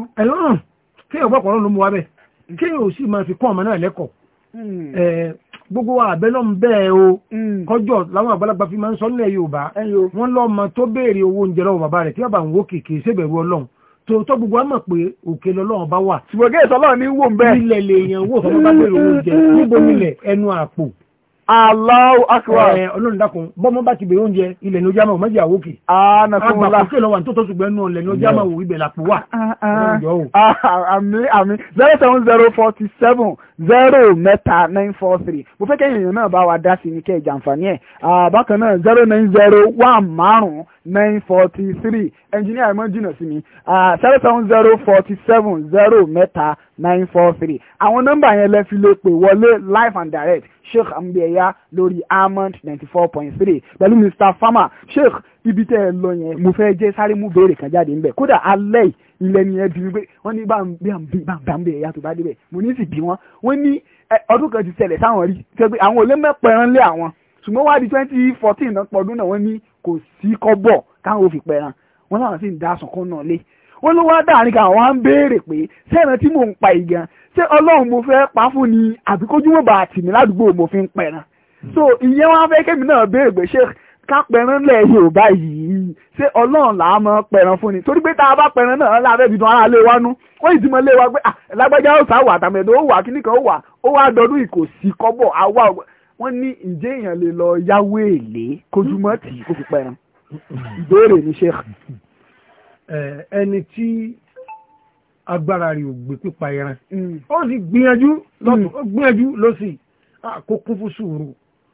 gbogbo wa náà ń bẹ́ẹ̀ o mm. kọjọ làwọn àgbàlagbà fi máa ń sọ nílẹ̀ yorùbá wọn lọ́mọ tó béèrè owó oúnjẹ lọ́wọ́ bàbá rẹ̀ tí bàbá ń wó kèké sébẹ̀rù ọlọ́run tòótọ́ gbogbo wa mọ̀ pé òkè lọ́lọ́run bá wà. ṣùgbọ́n kí èso ọlọ́run ní wò ń bẹ́ẹ̀. ilẹ̀ lèèyàn wò fún bàbá béèrè owó oúnjẹ níbo nílẹ̀ ẹnu àpò. Allahu akbar. Ẹ ọlọ́run dákun bọ́mọ bá ti bèrè oúnjẹ ilẹ̀ ní ojú àmàwò mọ́jì àwòkè. Ah, Àgbà kò kí lọ́wọ́ tó tọ́sùgbọ́ ẹnu ọ̀lẹ̀ ní ojú àmàwò ibẹ̀ làpò wà. Ah, ah. Àmì zero zero forty seven zero mẹ́ta nine four three mo fẹ́ kẹ́yìn èèyàn náà bá wa dá sí ní kẹ́ ìjàǹfààní ẹ̀ bákan náà zero nine zero one márùn nine forty three ẹnjìníà ẹ̀ mọ́ jìnnà sí mi zero seven zero forty seven zero mẹ́ta nine four three àwọn nọ́mbà yẹn lẹ́ fi lè pè wọlé live and direct sheikh ambeya lórí almond ninety four point three pẹ̀lú mr farmer sheikh ibi tẹ́ ẹ lọ yẹn mo fẹ́ jẹ́ sáré mú béèrè kan jáde ńbẹ̀ kódà alẹ́ yìí ilẹ̀ ni ẹ bí mi pé wọ́n ní bá ń bẹ ẹ̀yà tó bá débẹ̀ mo ní sì bí wọ́n wọ́n ní ọdún kan ti ṣẹlẹ̀ sáwọn rí ṣe pé àwọn olè mẹ́pẹ̀rán lé àwọn ṣùgbọ́n wá di twenty fourteen náà pọ̀dún náà wọ́n ní kò sí kọ́bọ̀ káwọn òfin pẹ̀ràn wọ́n láwọn sì ń da sọ̀kan náà lé wọ́n ló wá dáàrin kan àwọn á ń béèrè pé sẹ́ran tí mò ń pa ìgan ṣé ọlọ́run mo fẹ́ pa fún ni àbíkójúmọ̀ bá àtìmí ládùúgbò mo fi ń pẹ̀ràn so ìyẹn wọn á fẹ́ kémi náà béèrè pé ṣé kápẹ̀rán lẹ̀ Yorùbá yìí ṣé Ọlọ́run là á mọ pẹ̀rán fún ni torí pé tá a bá pẹ̀rán náà láàbẹ̀ ibi tán ara lé wa nú wọ́n yìí lé wa pé ah, lágbájá ó sá wà tàmẹ̀dọ́ ó wà kíní kan ó wà ó wà dọdún ìkò sí kọ́bọ̀ àwa wọ́n ní ǹjẹ́ èèyàn lè lọ yáwó èlé kójúmọ́ tì í kó fi pẹ̀rán ìbéèrè ní ṣe. ẹni tí agbára rẹ̀ ò gbé pípa ẹran hmm. ó sì gbìyànjú lọ́sìn hmm. ó gbìyànjú ah, fún sùúrù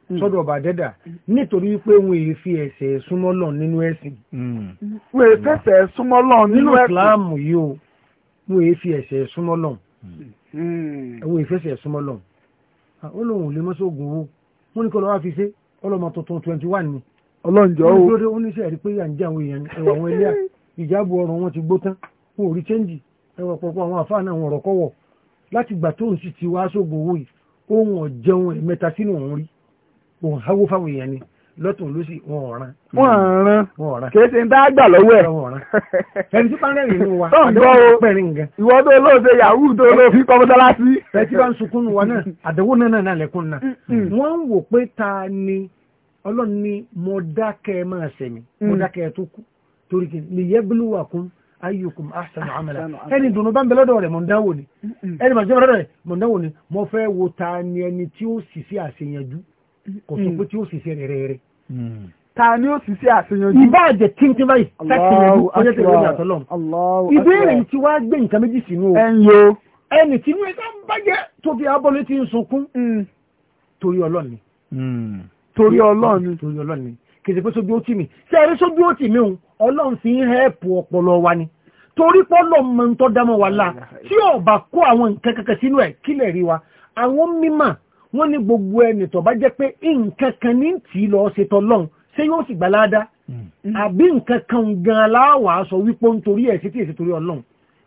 Hmm. sọ́dọ̀ ọba dẹ́dà nítorí wípé wọn èyí fi ẹ̀sẹ̀ súnmọ́ lọ nínú ẹ̀sìn. Hmm. wọn èyí fẹsẹ̀ súnmọ́ lọ nínú ẹ̀sìn. nínú ìsìláàmù yìí o wọn èyí fi ẹ̀sẹ̀ súnmọ́ lọ. Hmm. wọn èyí fẹsẹ̀ súnmọ́ lọ. Ah, ó lè mọ́sọ̀gùn owó wọn ní kí ọlọ́wà fi ṣe ọlọ́mọ tuntun twenty one ni. ọlọ́njọ́ o olóde oníṣẹ́ rí pé yà ń jẹ́ àwọn èèyàn ẹwà àwọn ẹlẹ́à ìjábọ̀ ọ̀rọ̀ wọn ti gbó tán wọn ò rí chẹ́ǹjì ẹwà pọ̀pọ̀ àwọn àfáà náà wọn láti gbà tóun sì ti wá sóògùn owó yìí ohun ọ̀jẹun ẹ̀mẹ́ta sínú òun rí òun háwó fáwọn èèyàn ni lọ́tún lọ́sì wọn ọ̀ràn. wọn ọ̀ràn kéèsì ń dágbà lọ́wọ́ ẹ̀. ẹni tí pàrọ̀ ìlú wa àdéhùn pẹ̀lú nǹkan. ìwọ tó ló ṣe yahoo tó ló fi kọ́ mọ́sálásí. ẹtí bá ń sunkún wa náà àdéhùn náà náà lẹ́kùn náà. wọ́n ń wò pé ta ni ọlọ́run ni mo dákẹ́ máa sẹ̀mí mo mm. dákẹ́ tó kú torí kí ni yẹ́bílúwà kún ayyukum ahsanu amala ẹni dùnú bá ń bẹ lọ́dọ̀ rẹ̀ mọ̀ ń dáwò ni ẹni màjọ́ rẹ̀ ni mo fẹ́ wo ta ni ẹni tí ó sì sí àṣeyànjú kò sọ pé tí ó sì ṣe rere rẹ̀ hmm. ta ni ó sì ṣe àṣeyọjú ìbá àjẹ tíntí báyìí sẹ́kìnyẹ̀dú ọjọ́ tẹ̀lé ìrìn àtọ́lọ́m ìbéèrè yìí ti wá gbé nǹkan méjì sínú o ẹni tí inú ẹ̀ka ń bàjẹ́ tó fi abọ́lé ti ń sunkún hmm. torí ọlọ́ni hmm. torí ọlọ́ni torí ọlọ́ni kìsì pé sójú ó tì mí ṣe eré sójú ó tì mí o ọlọ́run fi ń hẹ́ẹ̀pù ọpọlọ wa ni torí pọ́lọ́ mọ̀ ń tọ́ dámọ̀ wa la tí ọba kó àwọn nǹkan kẹ̀kẹ́ sínú ẹ̀ kílẹ̀ rí wa àwọn mímọ̀ wọ́n ní gbogbo ẹni tó bá jẹ́ pé nǹkan kan ní tì lọ ṣe tọ́lọ́n ṣé yóò sì gbà ládá hmm. àbí nǹkan kan gan aláwà sọ wípé nítorí ẹ̀ sí tí èsì torí ọlọ́run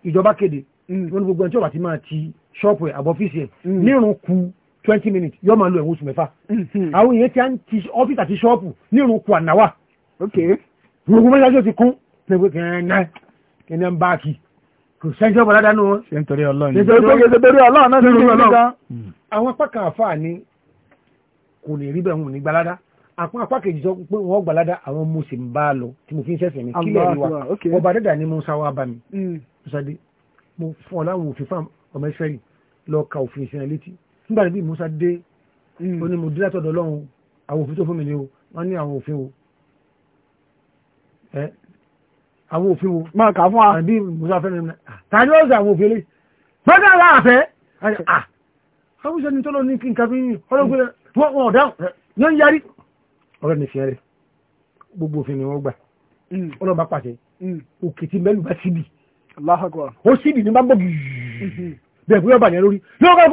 ìjọba kéde hmm. wọ́n ní gbogbo ẹni tí ó bá ti máa ti ṣọ́ọ̀pù ẹ̀ àbọ̀fíìsì ẹ̀ hmm. nírun ku twenty minutes yóò máa lo ẹ̀wọ̀n oṣù mẹ́fà àwọn èèyàn ti à ti ọ́fíìsì àti ṣọ́ọ̀pù nírun ku ànáwà gbogbo mẹ́sàgì ó ti kún ẹni ń bá kí kò sẹ́jọ́ bọ̀ ládàánú wọn. ṣé nítorí ọlọ́run ní. nítorí pé nítorí ọlọ́run náà ti rí nǹkan. àwọn apá kan àfáà ni kò lè rí bẹ́ẹ̀ wọn ò ní gbalada àpá apá kejì sọ pé wọ́n gbalada àwọn mo sì ń bá a lọ tí mo fi ń ṣẹ̀ṣẹ̀ mi kílẹ̀ rí wa ọba dẹ́dà ni musa wa bá mi. Hmm. musade mo fún ọ láwọn òfin fáwọn ọmọ ìsírẹ́lì lọ ka òfin ìsìn létí nígbà tí musa dé hmm. ó ní mo dé látọ̀dọ̀ ọlọ́run àwọn òfin tó fún mi ni o wọ́n ní àwọn òfin o àwọn òfin wo máa kà fún wa àbí musa fẹ́ nìyẹn tàbí ó sì àwọn òfin lé fọ́nà àwọn àfẹ́ ni tó lọ ní kí n kàbí ọlọ́gbẹ̀rẹ̀ wọ́n ọ̀dáhùn yọ́n yarí ọ̀rẹ́ ní fìyẹ́rẹ́ gbogbo òfin ni wọ́n gbà hmm. ọlọ́ba pàṣẹ hmm. òkè tí mẹ́lù bá síbì ó síbì hmm. ní bá gbọ́ bẹ́ẹ̀ fúyọ́ bàyẹ̀ lórí lọ́wọ́ kan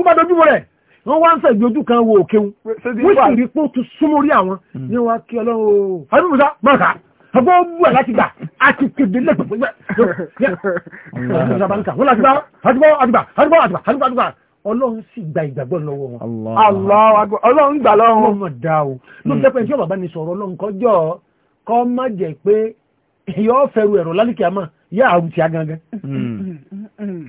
wọ́n wá ń fẹ́ ìgbójú kan wo òkè wọn wọ́n sì rí pé ó tún súnmọ́ rí àwọn ní wọ́n á kí ọlọ́run ọgbọ́ wù ẹ̀ láti gbà àti kéde lẹ́gbẹ̀gbẹ̀ ọlọ́run sì gba ìgbàgbọ́ lọ́wọ́ wọn. ọlọ́run gbà lọ́wọ́ wọn. ọmọ dá o ló ń dẹ́pẹ́ tí ọ̀bàbá ni sọ̀rọ̀ ọlọ́run kọjọ́ kọ́ má jẹ́ pé yọ́ fẹ́ru ẹ̀rọ lálìkíámà yá àrùn tí a gangan. Hmm.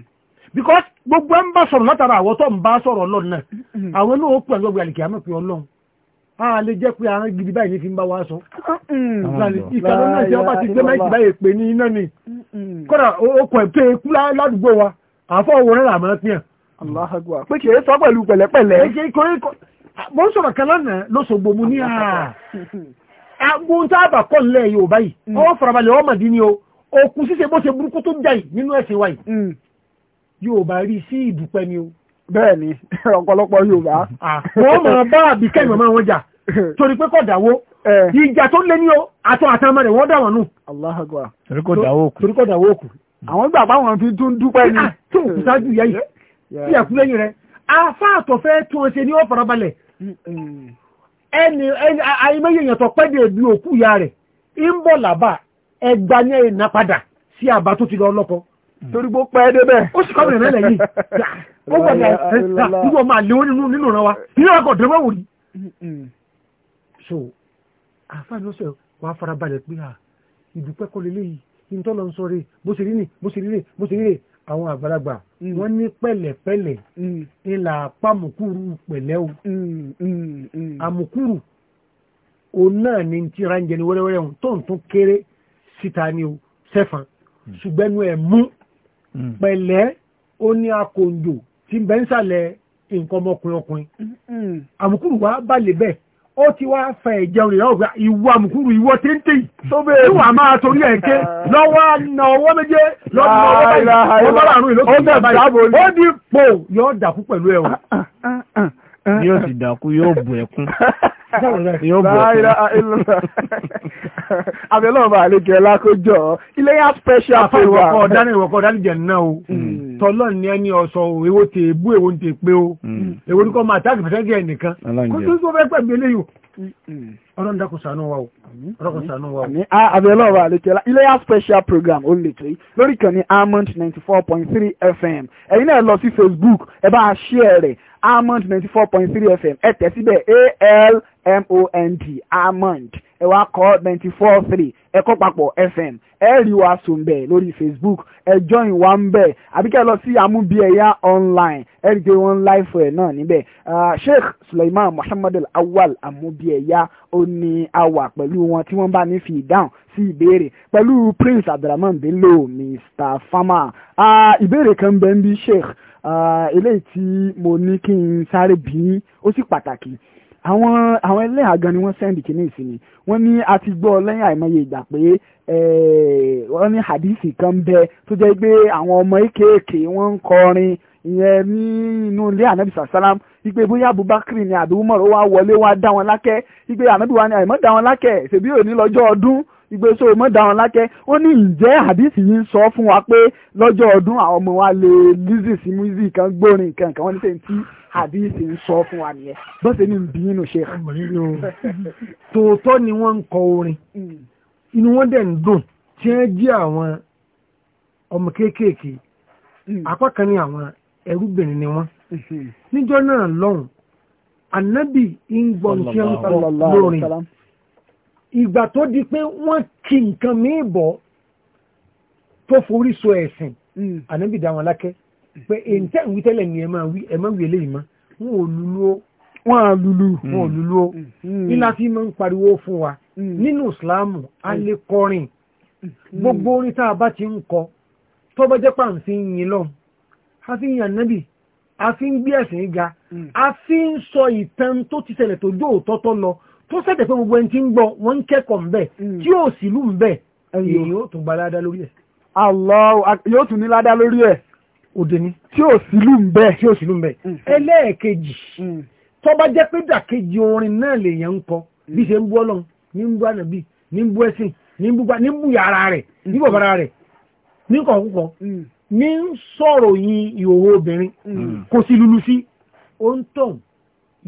because gbogbo ẹ̀ ń bá sọ̀rọ̀ látara àwọ̀ tó ń bá sọ̀rọ̀ ọlọ́run náà hmm. àwọn náà ó pẹ̀lú ọgbẹ̀ àlìkíámà pé ọlọ́run a lè jẹ́ pé àwọn gidi báyìí ní fi ń bá wa sọ. ìkànnì náà ṣe ọba ti gbé máìkì báyìí pé ní iná ni kódà okùn ẹ̀ pé kú ládùúgbò wa àfọwọ́rẹ́ là máa pín ẹ̀. pé kì í sọ pẹ̀lú pẹ̀lẹ́pẹ̀lẹ́. mo ń sọ̀rọ̀ kan lánàá lọ́sọ̀gbò mu ní à. Ah. agbóhun tá a bà kọ́ nílẹ̀ Yorùbá yìí mm. ọwọ́ farabalẹ̀ ọmọ dín ní o òkú ṣíṣe bó ṣe burúkú tó jà yìí nínú ẹ̀sìn wa yìí mm. Yorùbá rí sí ìdúpẹ́ ni o. bẹ́ẹ̀ ni ọ̀pọ̀lọpọ̀ yorùbá. Ah, wọ́n máa bá àbíkẹ́ ìmọ̀ eh. eh. ìjà tó lé ní o àtọ̀ rẹ̀ wọ́n nù. torí dáwó òkú. àwọn gbà fi tún dúpẹ́ ni. Ah, tó ìyá yìí sí rẹ̀ fẹ́ ṣe ní bọ̀ làbà ẹgbà ní sí àbá tó ti lọ torí gbó ó gbọ́dọ̀ ẹ̀sà nígbà máa léwó nínú nínú ìran wa nínú àgọ́ ìdẹ́wọ́ wò rí. so àfáàní ó sọ wàá farabalẹ̀ pé à ìdúpẹ́ kọ́ lélẹ́ yìí ìtọ́ lọ sọ rè bó ṣe rí nì bó ṣe rí rè bó ṣe rí rè àwọn àgbàlagbà mm. wọ́n ní pẹ̀lẹ́pẹ̀lẹ́ mm. ìlà pàmùkúrú pẹ̀lẹ́ o mm, àmùkúrú òun náà ni ti ra ń jẹni wẹ́rẹ́wẹ́rẹ́ òun tó ń tún kéré síta ni o sẹ́fàn ṣùgbẹ́nu ẹ̀ mú pẹ̀lẹ́ ó ní akòǹjò tí ń bẹ ń sàlẹ̀ nǹkan ọmọkùnrin ọkùnrin mm-hmm. àmùkúrù wa bá lè bẹ́ẹ̀ ó ti wá fẹ́ ìjẹun ìyá ọ̀gá ìwọ àmùkúrù ìwọ téńté tí wà máa torí ẹ̀ ké ah. lọ́wọ́ na ọwọ́ méje lọ́wọ́ ọwọ́ báyìí ó bá àrùn ìlókè ìjọba yìí ó dì pò yọ yóò sì dákú yóò bù ẹkún yóò bù ẹkún. abẹ́lọ́ọ̀bà àlejò ẹ̀la kó jọ ilé yá special favour. àfọwọ́kọ dání ìwọ̀kọ dání jẹ̀ náà o hmm. tọ́lọ́ ní ẹni ọ̀sọ̀ èwo tè bú èwo tè pé o hmm. èwo ní kò máa táàgì fẹ́fẹ́ gẹ̀ nìkan kó tó tó fẹ́ pẹ̀lú eléyìí hmm. ọlọ́run dákun ṣàánú wa o ọlọ́run ṣàánú wa o. abẹ́lọ́ọ̀bà àlejò ẹ̀la ilé special program ó lè tó yìí lórí kan ní Almond ninety four point three FM ẹ̀yin náà lọ sí Facebook ẹ bá a ṣí ẹ̀ rẹ̀ almond ninety four point three fm ẹ tẹ̀ síbẹ̀ almond almond ẹ wá kọ ninety four three ẹ kọ papọ̀ fm ẹ rí wa sùn bẹ́ẹ̀ lórí facebook ẹ join wa ń bẹ́ẹ̀ àbíkẹ́ lọ sí amúbíẹ̀yà online ẹ rí i pé wọ́n ń live ẹ̀ náà níbẹ̀ sheikh suleiman muhammad awal amúbíẹ̀yà ó ní àwà pẹ̀lú wọn tí wọ́n bá ní fi ìdáhùn sí ìbéèrè pẹ̀lú prince abdulrahman bello mr farmer ìbéèrè kan bẹ́ẹ̀ ń bí sheikh eléyìí tí mo ní kí n sáré bí ó sì pàtàkì àwọn àwọn ẹlẹ́yà gan ni wọ́n sẹ́ndì kìíní ìsinmi wọ́n ní a ti gbọ́ lẹ́yìn àìmọye ìgbà pé wọ́n ní hadisi kan bẹ tó jẹ́ pé àwọn ọmọ èkéèké wọ́n ń kọrin ìyẹn ní inú ilé anabi sàlám ìgbé bóyá abubakar ni àbí umar ó wá wọlé wá dá wọn lákẹ́ ìgbé anabi wa ni àìmọ́ dá wọn lákẹ́ ṣèbí òní lọ́jọ́ ọdún ìgbésò mọ́dàrán lákẹ́ ó ní ǹjẹ́ àdìsí yìí ń sọ fún wa pé lọ́jọ́ ọdún àwọn ọmọ wa lè lízì sí múzì kan gbórin nǹkan kan wọ́n ní sẹ́yìn tí àdìsí ń sọ fún wa nìyẹn bó ṣe ní bí inú ṣe. tòótọ́ ni wọ́n ń kọ orin hmm. inú wọn dẹ̀ ń dùn tí wọ́n jí àwọn ọmọ kéékèèké hmm. apá kan ní àwọn ẹrúbìnrin ni wọ́n hmm. níjọ́ náà lọ́hùn-ún ànábì ń gbọ́n tí wọ́n ń ìgbà tó di pé wọ́n kí nǹkan míì bọ̀ tó forí so ẹ̀sìn hmm. ànábì dá wọn lákẹ́ pé èyí tẹ́ ń wí tẹ́lẹ̀ ni ẹ máa wí ẹ máa wí eléyìí mọ́ wọn ò lulú o wọn á lulú wọn ò hmm. lulú o nílá hmm. fi máa ń pariwo fún wa nínú ìsìláàmù a lè kọrin gbogbo orin tá a bá ti ń kọ tó bá jẹ́ pàǹsí yin lọ́hùn a fi yin ànábì a fi ń gbé ẹ̀sìn ga a fi ń sọ ìtàn tó ti ṣẹlẹ̀ tó jó òtọ́tọ́ lọ tó sẹ́tẹ̀ pé gbogbo ẹni tí ń gbọ́ wọ́n ń kẹ́kọ̀ọ́ ńbẹ̀ mm. tí yóò sì lù ńbẹ̀ èyí yóò tún gba ládá lórí ẹ̀. Allah yóò tún ní ládá lórí ẹ̀ òde ni tí yóò sì lù ńbẹ̀ tí yóò sì lù ńbẹ̀. Mm. ẹlẹ́ẹ̀kejì mm. tó bá jẹ́ pé dàkejì orin náà lèèyàn ń kọ bí ṣe ń bú ọlọ́run ní ń bú ànàbì ní ń bú ẹ̀sìn ní ń bú yàrá rẹ̀ ní bọ̀bára rẹ̀ ní kọ̀ọ̀kọ̀ ní ń sọ̀rọ̀ yin ìhòòhò obìnrin kò sí lulu sí ó ń tàn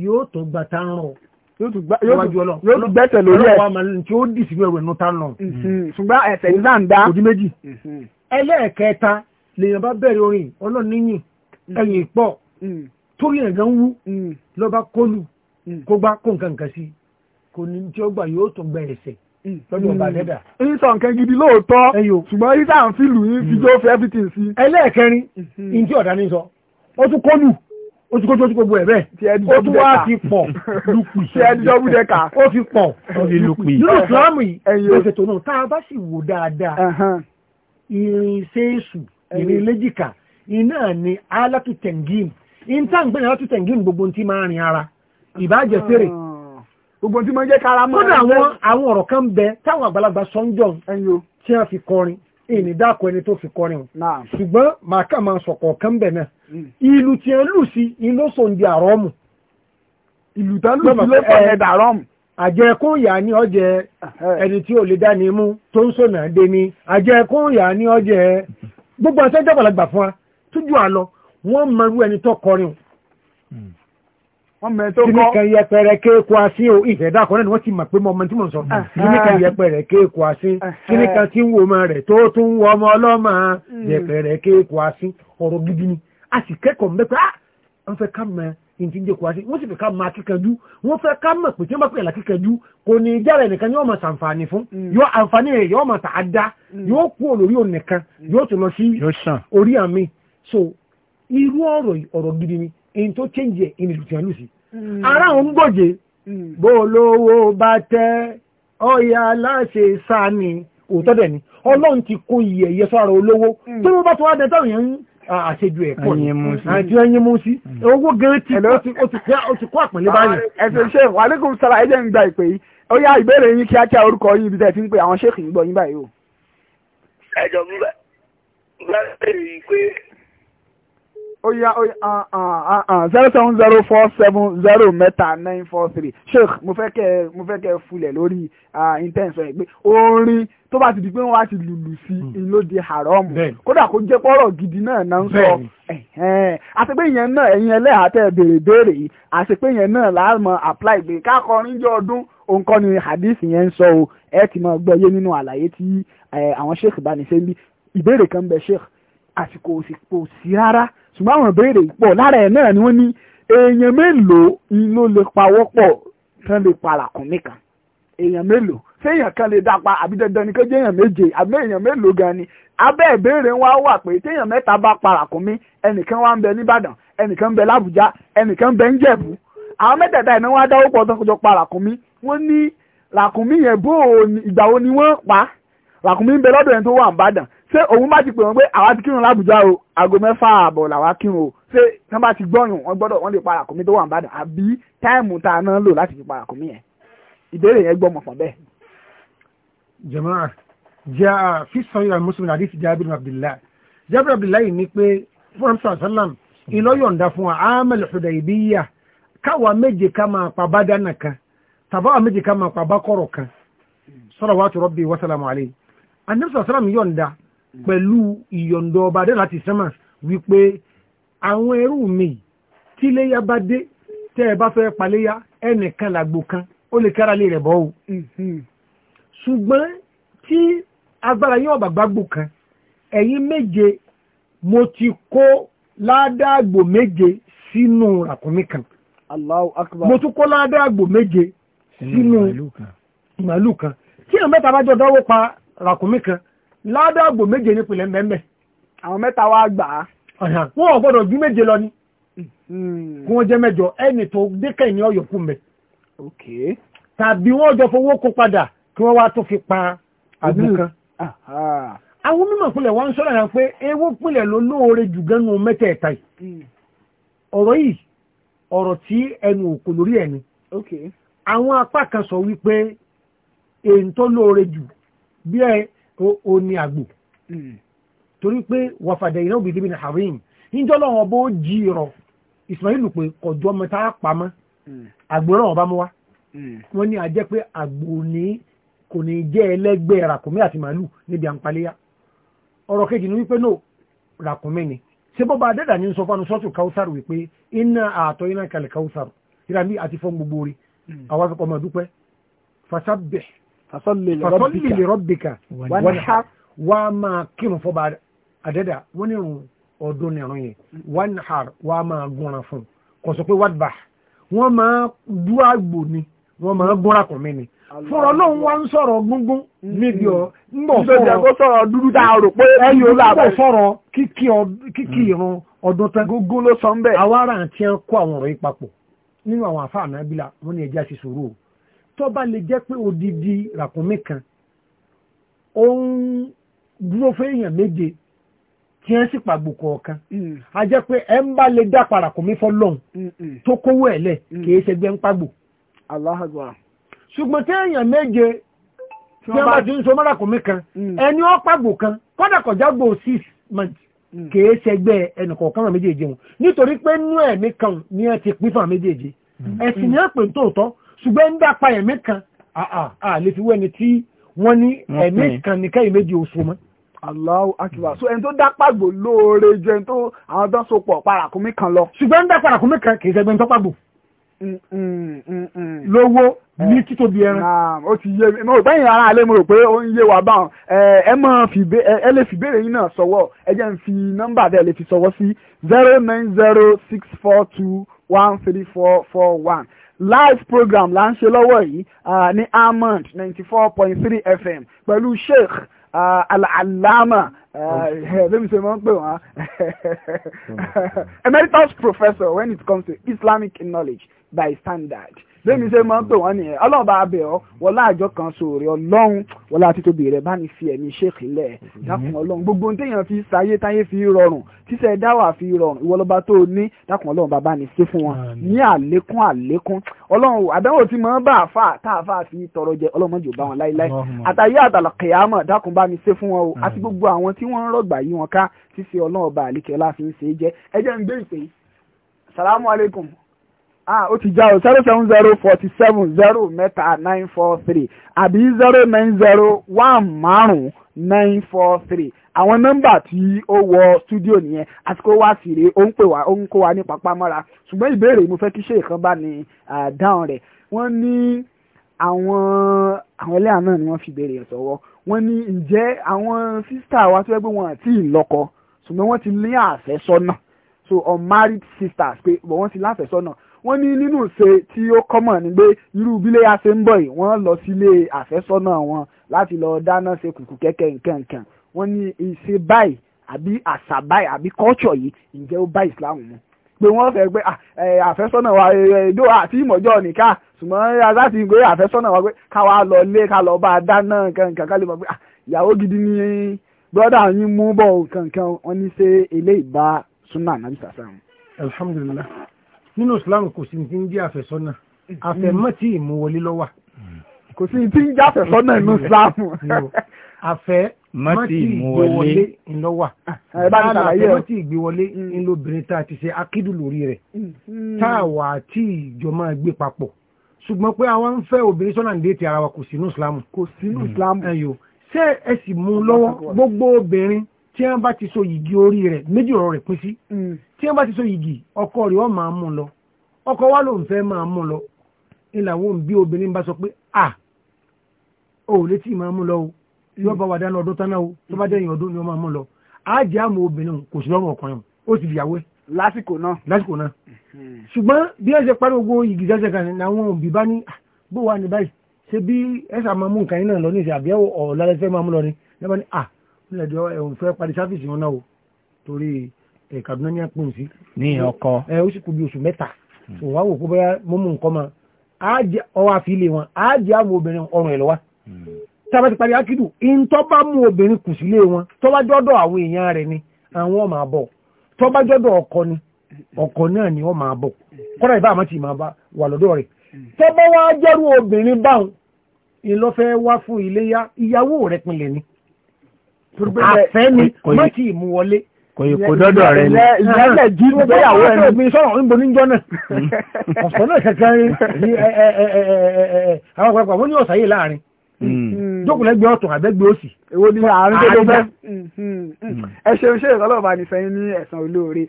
yóò tó gbàtà ń rọ̀ yóò tún gbẹ́sẹ̀ lórí ẹ̀ tí ó dì sínú ẹ̀wẹ̀ nuta nù. ṣùgbọ́n ẹ̀sẹ̀ nígbà ń dá òdí méjì. Mhm. ẹlẹ́ẹ̀kẹta lèèyàn bá bẹ̀rẹ̀ orin ọlọ́níyìn mhm. ẹ̀yìn pọ̀ mm. torí ẹ̀ gan wú mm. lọ́ba kọlù mm. kó gbá kó nǹkan kan sí kò ní tí ó gbà yóò tún gbẹ ẹ̀sẹ̀ lọ́dọ̀ ọba dẹ́dà. èyí sọ nǹkan gidi lóòótọ́ ṣùgbọ́n yíṣà ń fìlù yín fi jó fi everything sí. ẹlẹ́ẹ̀kẹrin ìyí mm-hmm. tí ọ̀dà ní sọ ó tún kọlù ojúkójú ojú gbogbo ẹ̀ ó tún wá ti ó fi pọ̀ lùpì nínú ìsìlámù yìí ẹ̀sẹ̀ tó náà tá a bá sì wò dáadáa iná ni alátú tẹ̀ngìm ìntàǹgbẹ́ni alátú tẹ̀ngìm gbogbo máa ara ìbàjẹ́ fèrè ah. gbogbo máa jẹ́ kára mọ́ kódà àwọn ọ̀rọ̀ kan bẹ táwọn àgbàlagbà sọ́njọ́ tí fi kọrin kan bẹ̀ náà ìlú tí ń lù sí ìlú sòǹdì àrọ́mù. ìlú tá lù sí ló fà ẹ̀dà àrọ́mù. àjẹkùn ìyá ní ọjẹ ẹni tí ò lè dání mú tó ń sọnà dé ní àjẹkùn ìyá ní ọjẹ gbogbo àti ẹjọ́ àgbàlagbà fún wa tújú àlọ wọ́n mọ irú ẹni tó kọrin o. wọ́n mọ ẹni tó kọ́ kíníkan yẹpẹrẹ kéèkó asín o ìfẹ́ dákọ̀ náà ni wọ́n ti mọ̀ pé mo ọmọ tí mò ń sọ kíníkan yẹpẹrẹ kéèkó asín kíníkan tí ń wo ọmọ rẹ̀ tó tún wọ ọmọ ọlọ́mọ yẹpẹrẹ kéèkó asín ọ̀rọ̀ gidi ni a sì kẹ́kọ̀ọ́ mẹ́pẹ́ á ah, wọ́n fẹ́ ká mọ ìdí ń jẹ́kọ̀ọ́ sí wọ́n sì fẹ́ ká mọ akíkanjú wọ́n fẹ́ ká mọ̀ pé tí wọ́n bá pè lákíkanjú kò ní ìjára ẹnìkan yóò mọ̀ sàǹfààní fún mm. yóò àǹfààní rẹ̀ yóò mọ̀ tààdá mm. yóò kú olórí ònìkan mm. yóò tún lọ sí orí àmì so irú ọ̀rọ̀ ọ̀rọ̀ gidi ni èyí tó change ẹ̀ ìnìlù tí wọ́n lù sí. ara òun gbòjè bó lówó bá tẹ́ ọ̀yà aláṣẹ sáà òótọ́ dẹ̀ ni ọlọ́run ti kó iyẹ̀ yẹ sọ́ra olówó tó ló bá tó wá dẹ táwọn èèyàn àṣejù ẹ̀ pọ̀ àti ẹyin mú sí mm. owó gan ti ó ti kó àpẹ̀lẹ́ báyìí. ẹ̀sìn ṣe wàlékún sara ẹ̀jẹ̀ ń gba ìpè yìí ó yá ìbéèrè yín kíákíá orúkọ yín ibi tẹ̀ ti ń pè àwọn ṣéèkì ń gbọ́ yín báyìí o. ẹ jọ bí bẹ́ẹ̀ ni pé. ó yá ó yá ah, ah, ah, zero seven zero four seven zero mẹ́ta nine four three sheikh mo fẹ́ kẹ́ mo fẹ́ kẹ́ fulẹ̀ lórí intense ẹ̀ pé orin tó bá ti di pé wọ́n á ti lùlù sí hmm. i ló di haramu kódà kó jẹ́ pọ́rọ̀ gidi náà náà ń sọ àti pé ìyẹn náà ẹ̀yin ẹlẹ́hàá tẹ̀ béèrè béèrè yìí àti pé ìyẹn náà làá apply gbé kákọrin jọ ọdún òǹkọ́ ni hadith yẹn ń sọ o ẹ ti mọ gbọ́ yé nínú àlàyé tí àwọn sheikh bá ní sẹ́ńbí ìbéèrè kan bẹ sheikh àsìkò òsìkò sí rárá ṣùgbọ́n àwọn ìbéèrè pọ̀ lára ẹ̀ náà ni wọ́n ní èèyàn mélòó ló lè pawọ́pọ̀ tán lè para kùn nìkan èèyàn mélòó téèyàn kan lè dápa àbí dandan ni kó jẹ́ èèyàn méje àbí èèyàn mélòó gan ni abẹ́ ìbéèrè wa wà pé téèyàn mẹ́ta bá para kún mi ẹnìkan wá ń bẹ nìbàdàn ẹnìkan ń bẹ làbújá ẹnìkan ń bẹ ń jẹ̀bú àwọn mẹ́tẹ̀ẹ̀ta ìnáwó adáwó pọ̀ tán kó jọ pa ràkúnmí wọ́n ní ràkúnmí yẹn bó ìgbà wo ni wọ́n pa ràkúnmí ń bẹ lọ́dọ̀ yẹn tó wà ń bàdàn ṣé òun bá ti pè wọ́n pé àwa ti kírun làbújá o aago mẹ́fà àbọ̀ làwa kírun o ṣé wọ́n bá ti gbọ́yùn wọ́n gbọ́dọ̀ wọ́n lè pa ràkúnmí tó wà ń bàdàn àbí táìmù tá a náà lò láti fi pa ràkúnmí yẹn ìbéèrè yẹn gbọ́mọ̀ fún bẹ́ẹ̀ jama'a jaa fi sahih muslim hadith jabir bin abdullah jabir bin abdullah ní pé fún amsa sallam ilo yọ̀ǹda fún wa amal hudaybiyah káwa méje ká máa pa bádánà kan tàbáwa méje ká máa pa bákọ̀rọ̀ kan salawatu rabbi wa salamu alayhi anabi sallam yọ̀ǹda pẹ̀lú ìyọ̀ǹda ọba dé láti sánmà wípé àwọn ẹrú mi tí bá dé tẹ́ ẹ bá fẹ́ paléyà ẹnìkan làgbò kan ó lè kára lè rẹ̀ bọ́ o hmm, hmm ṣùgbọ́n tí agbára yóò bàgbàgbò kan ẹ̀yin méje mo ti kó ládàgbò méje sínú ràkúnmí kan Allahu akbar mo tún kó ládàgbò méje sínú màálù kan tí àwọn mẹ́ta bá jọ dánwó pa ràkúnmí kan ládàgbò méje nípìnlẹ̀ mẹ́mẹ́ àwọn mẹ́ta wá gbà á wọ́n ò gbọ́dọ̀ ju méje lọ ni hmm. kí wọ́n jẹ́ mẹ́jọ ẹni tó dékẹ́ ní ọ̀yọ̀kú mẹ́ tàbí wọ́n jọ fowó kó padà kí wọ́n wá tó fi pa àgbọn àwọn mímọ̀ pinlẹ̀ wọ́n ń sọ̀rọ̀ yẹn pé ewu pinlẹ̀ ló lóore jù ganu mẹ́tẹ̀ẹ̀ta yìí hmm. ọ̀rọ̀ yìí ọ̀rọ̀ tí ẹnu òkò lórí ẹni àwọn apá kan sọ wípé èyí tó lóore jù bí ẹ o ní àgbò hmm. torí pé wàfàdà ìnáwó bìbí ní harim níjọ́ bó jí rọ Ismail pé kọjọ́ mẹ́ta pamọ́ hmm. àgbò náà wọ́n bá mú wọ́n ní pé àgbò ní kò ní jẹ́ ẹlẹ́gbẹ́ ràkúnmí àti màálù níbi àǹpaléyà ọ̀rọ̀ kejì ni wípé no ràkúnmí ni ṣé bọ́ba adẹ́dà ní sọ fánu sọ́tù Kausar wípé iná àtọ́ iná kalẹ̀ Kausar ìrà mi àti fọ́n gbogbo rí hmm. àwọn afẹ́kọ̀ọ́ máa dúpẹ́ fasabbih fasalli li rabbika máa kírun fọ́ba adẹ́dà wọ́n ní ìrùn ọdún ìrùn yẹn hmm. wanhar máa gúnra fún kọ̀sọ̀ pé wadbah wọ́n máa dú àgbò ni wọ́n máa gúnra kùnmí ni fọ̀rọ̀ ló wá ń sọ̀rọ̀ gúngún mm-hmm. níbi ọ̀ ńbọ̀ dúdú a rò pé olú kíkì mm. ìran ọdún tán ló sọ ń àwa ara àti kó àwọn ọ̀rọ̀ yìí papọ̀ nínú àwọn o lè odidi ràkúnmí kan dúró fún èèyàn méje tí ẹ sì pàgbò kọ̀ọ̀kan mm. a jẹ́ pé ẹ ń bá lè ṣùgbọ́n tí èèyàn méje tí wọ́n bá ti ń so mọ́ràkùnmí kan mm. ẹni ó pàgbò kan kọ́dà kọjá gbò six months mm. kìí ṣẹgbẹ́ ẹnìkọ̀ọ̀kan àwọn méjèèjì wọn nítorí pé nú ẹ̀mí kan ni ẹ ti pín fún àwọn méjèèjì mm. ẹ̀sìn ni ẹ pè ń tòótọ́ ṣùgbọ́n ń dápa ẹ̀mí kan àlè fi wẹ́ni tí wọ́n ní ẹ̀mí kan nìkan ìméjì oṣù mọ́. Allahu akbar. So ẹni tó dá pàgbò lóore ju ẹni tó àwọn tó ń sopọ̀ parakùnmí kan lọ. Ṣùgbọ́n ń dá parakùnmí kan kì í ṣẹgbẹ́ ń tọ́ pàgbò. Lówó ní títóbi ẹran. ó ti yé mi mo rò ara alẹ́ mo rò pé ó ń yé wa báwọn ẹ máa ẹ lè fi béèrè yín náà sọwọ́ ẹ jẹ́ n fi nọ́mbà dẹ̀ lè fi sọwọ́ sí zero nine zero six four two one three four four one live program là ń ṣe lọ́wọ́ yìí ní Almond ninety four point three FM pẹ̀lú Sheikh Al-Allama let me pè wọ́n emeritus professor when it comes to Islamic knowledge by standard bẹ́ẹ̀ni ṣe máa ń pè wọ́n nìyẹn ọlọ́run bá bẹ̀ ọ́ wọ́n láàjọ kan sòrè ọlọ́run wọ́n láti tóbi rẹ̀ bá ní fi ẹ̀mí ṣèkì lẹ̀ dákun ọlọ́run gbogbo ohun téèyàn fi sáyé táyé fi rọrùn tíṣẹ́ dáwà fi rọrùn ìwọ lọ́ba tó ní dákun ọlọ́run bàbá ní ṣe fún wọn ní àlékún àlékún ọlọ́run àdánwò tí mọ̀ ń bá àfà tá àfà fi tọrọ jẹ ọlọ́run mọ̀jọ bá salamu alaikum ah ó ti já o zero seven zero forty seven zero mẹ́ta nine four three àbí zero nine zero one márùn nine four three àwọn nọ́mbà tí ó wọ studio nìyẹn àsìkò wa sì rèé ó ń pè wá ó ń kó wa ní papámọ́ra ṣùgbọ́n ìbéèrè mo fẹ́ kí ṣe ìkan bá ní dáhùn rẹ̀ wọ́n ní àwọn àwọn ẹlẹ́yà náà ni wọ́n fi béèrè sọ́wọ́ wọ́n ní ǹjẹ́ àwọn sísítà wa tó yẹ pé wọ́n àti ìlọ́kọ ṣùgbọ́n wọ́n ti ní àfẹ́sọ́nà so unmarried sisters pé wọ́n ti láfẹ́sọ́nà wọ́n ní nínú ìṣe tí ó kọ́mọ̀ ni pé irú bílé ya ṣe ń bọ̀ yìí wọ́n lọ sílé àfẹ́sọ́nà wọn láti lọ dáná ṣe kùkù kẹ́kẹ́ nkankan wọ́n ní ìṣe báyìí àbí àṣà báyìí àbí culture yìí ǹjẹ́ ó bá Islam mu pé wọ́n fẹ́ pé ah, àfẹ́sọ́nà wa èdò àti ìmọ̀jọ́ nìka ṣùgbọ́n azáti ìgbé àfẹ́sọ́nà wa pé káwa lọ lé ká lọ bá a dáná nkankan ká lè mọ̀ pé ah, ìyàwó gidi ni brọ́dà yín mú bọ̀ nkankan wọ́n ní ṣe eléyìí bá súnà nàbìsàsà. alhamdulillah nínú Islam kò sí ti ń jẹ́ àfẹ́sọ́nà àfẹ́mọ́ tí ìmúwọlé lọ́wà. kò sí ti ń jẹ́ àfẹ́sọ́nà nínú Islam. àfẹ́ mọ́ tí ìgbéwọlé ńlọ́wà. àfẹ́mọ́ tí ìgbéwọlé ńlọ́bìnrin mm. tá a ti ṣe akídù lórí rẹ̀ mm-hmm. tá a wà tí ìjọ máa gbé papọ̀ ṣùgbọ́n pé àwọn ń fẹ́ obìnrin sọ́nà ń déètì ara wa kò sínú Islam. kò sínú Islam. Mm. ẹyọ ṣé ẹ sì mú lọ́wọ́ mm. gbogbo obìnrin tí wọ́n bá ti so yìgì orí rẹ̀ méjì ọ̀rọ̀ rẹ̀ pín sí tí wọ́n bá ti so igi, ọkọ rẹ̀ wọ́n máa mú lọ ọkọ wa ló ń fẹ́ máa mú lọ ìlàwọ̀ bí obìnrin bá sọ pé à ò létí máa mú lọ o yóò bá wà dáná ọdún tán náà o tó bá dẹ́yìn ọdún ni wọ́n máa mú lọ àjẹ́ àmọ́ obìnrin kò sí lọ́rùn ọkùnrin ó ti fìyàwó ẹ̀. lásìkò náà. lásìkò náà. Hmm. ṣùgbọ́n bí ẹ ṣe parí gbogbo yìgì jẹ́jẹ́ kan ní àwọn òbí bá ní bó wà ní báyìí ṣe bí ẹ máa mú nǹkan yín lọ ní ìṣe àbí ọ̀ọ́lá lẹ́sẹ̀ máa mú lọ ni lẹ́bàá ní à ń lẹ́jọ́ ẹ̀hún fẹ́ parí sáfìsì wọn náà o torí Kaduna ní àpò nsí. ní ọkọ. ẹ ó sì kú bí oṣù mẹ́ta. Hmm. sọ wá wò kó bẹ́ẹ̀ mọ́mú nǹkan mọ́ ọwọ́ àfihàn wọn á jẹ́ àwọn obìnrin ọrùn ẹ̀ lọ́wọ́. Hmm. tábà ti parí akídù ìǹtọ́ bá mú obìnrin kù sílé wọn tọ́ba jọ́dọ̀ àwọn èèyàn rẹ̀ ni àwọn máa bọ̀ tọ́ba jọ́dọ̀ ọkọ ni ọkọ náà ni wọ́n máa bọ̀ ìbá àmọ́ ti máa bá wà lọ́dọ̀ rẹ̀ hmm. tọ́ba wá jẹ́rú obìnrin báwọn ìlọ́fẹ́ wá fún iléyá ìyàwó rẹ̀ pinlẹ̀ ni àfẹ́ ni mọ́tì ìmúwọlé kò dọ́dọ̀ rẹ ni. ìyálẹ̀ jí ní bẹ́yàwó ẹni mi sọ̀rọ̀ níbo níjọ́ náà mm. ọ̀sán náà kẹ̀kẹ́ rí àwọn ọ̀pọ̀lọpọ̀ àwọn oníyọ̀ sáyé láàrin mm. jókòlẹ́gbẹ́ ọ̀tún àbẹ́gbẹ́ òsì. èwo ni àárín tó tó bẹ́. Mm-hmm. Mm. ẹ ṣeun ṣe ìrọlọ́ọ̀bá ní fẹ́yìn ní ẹ̀sán olóore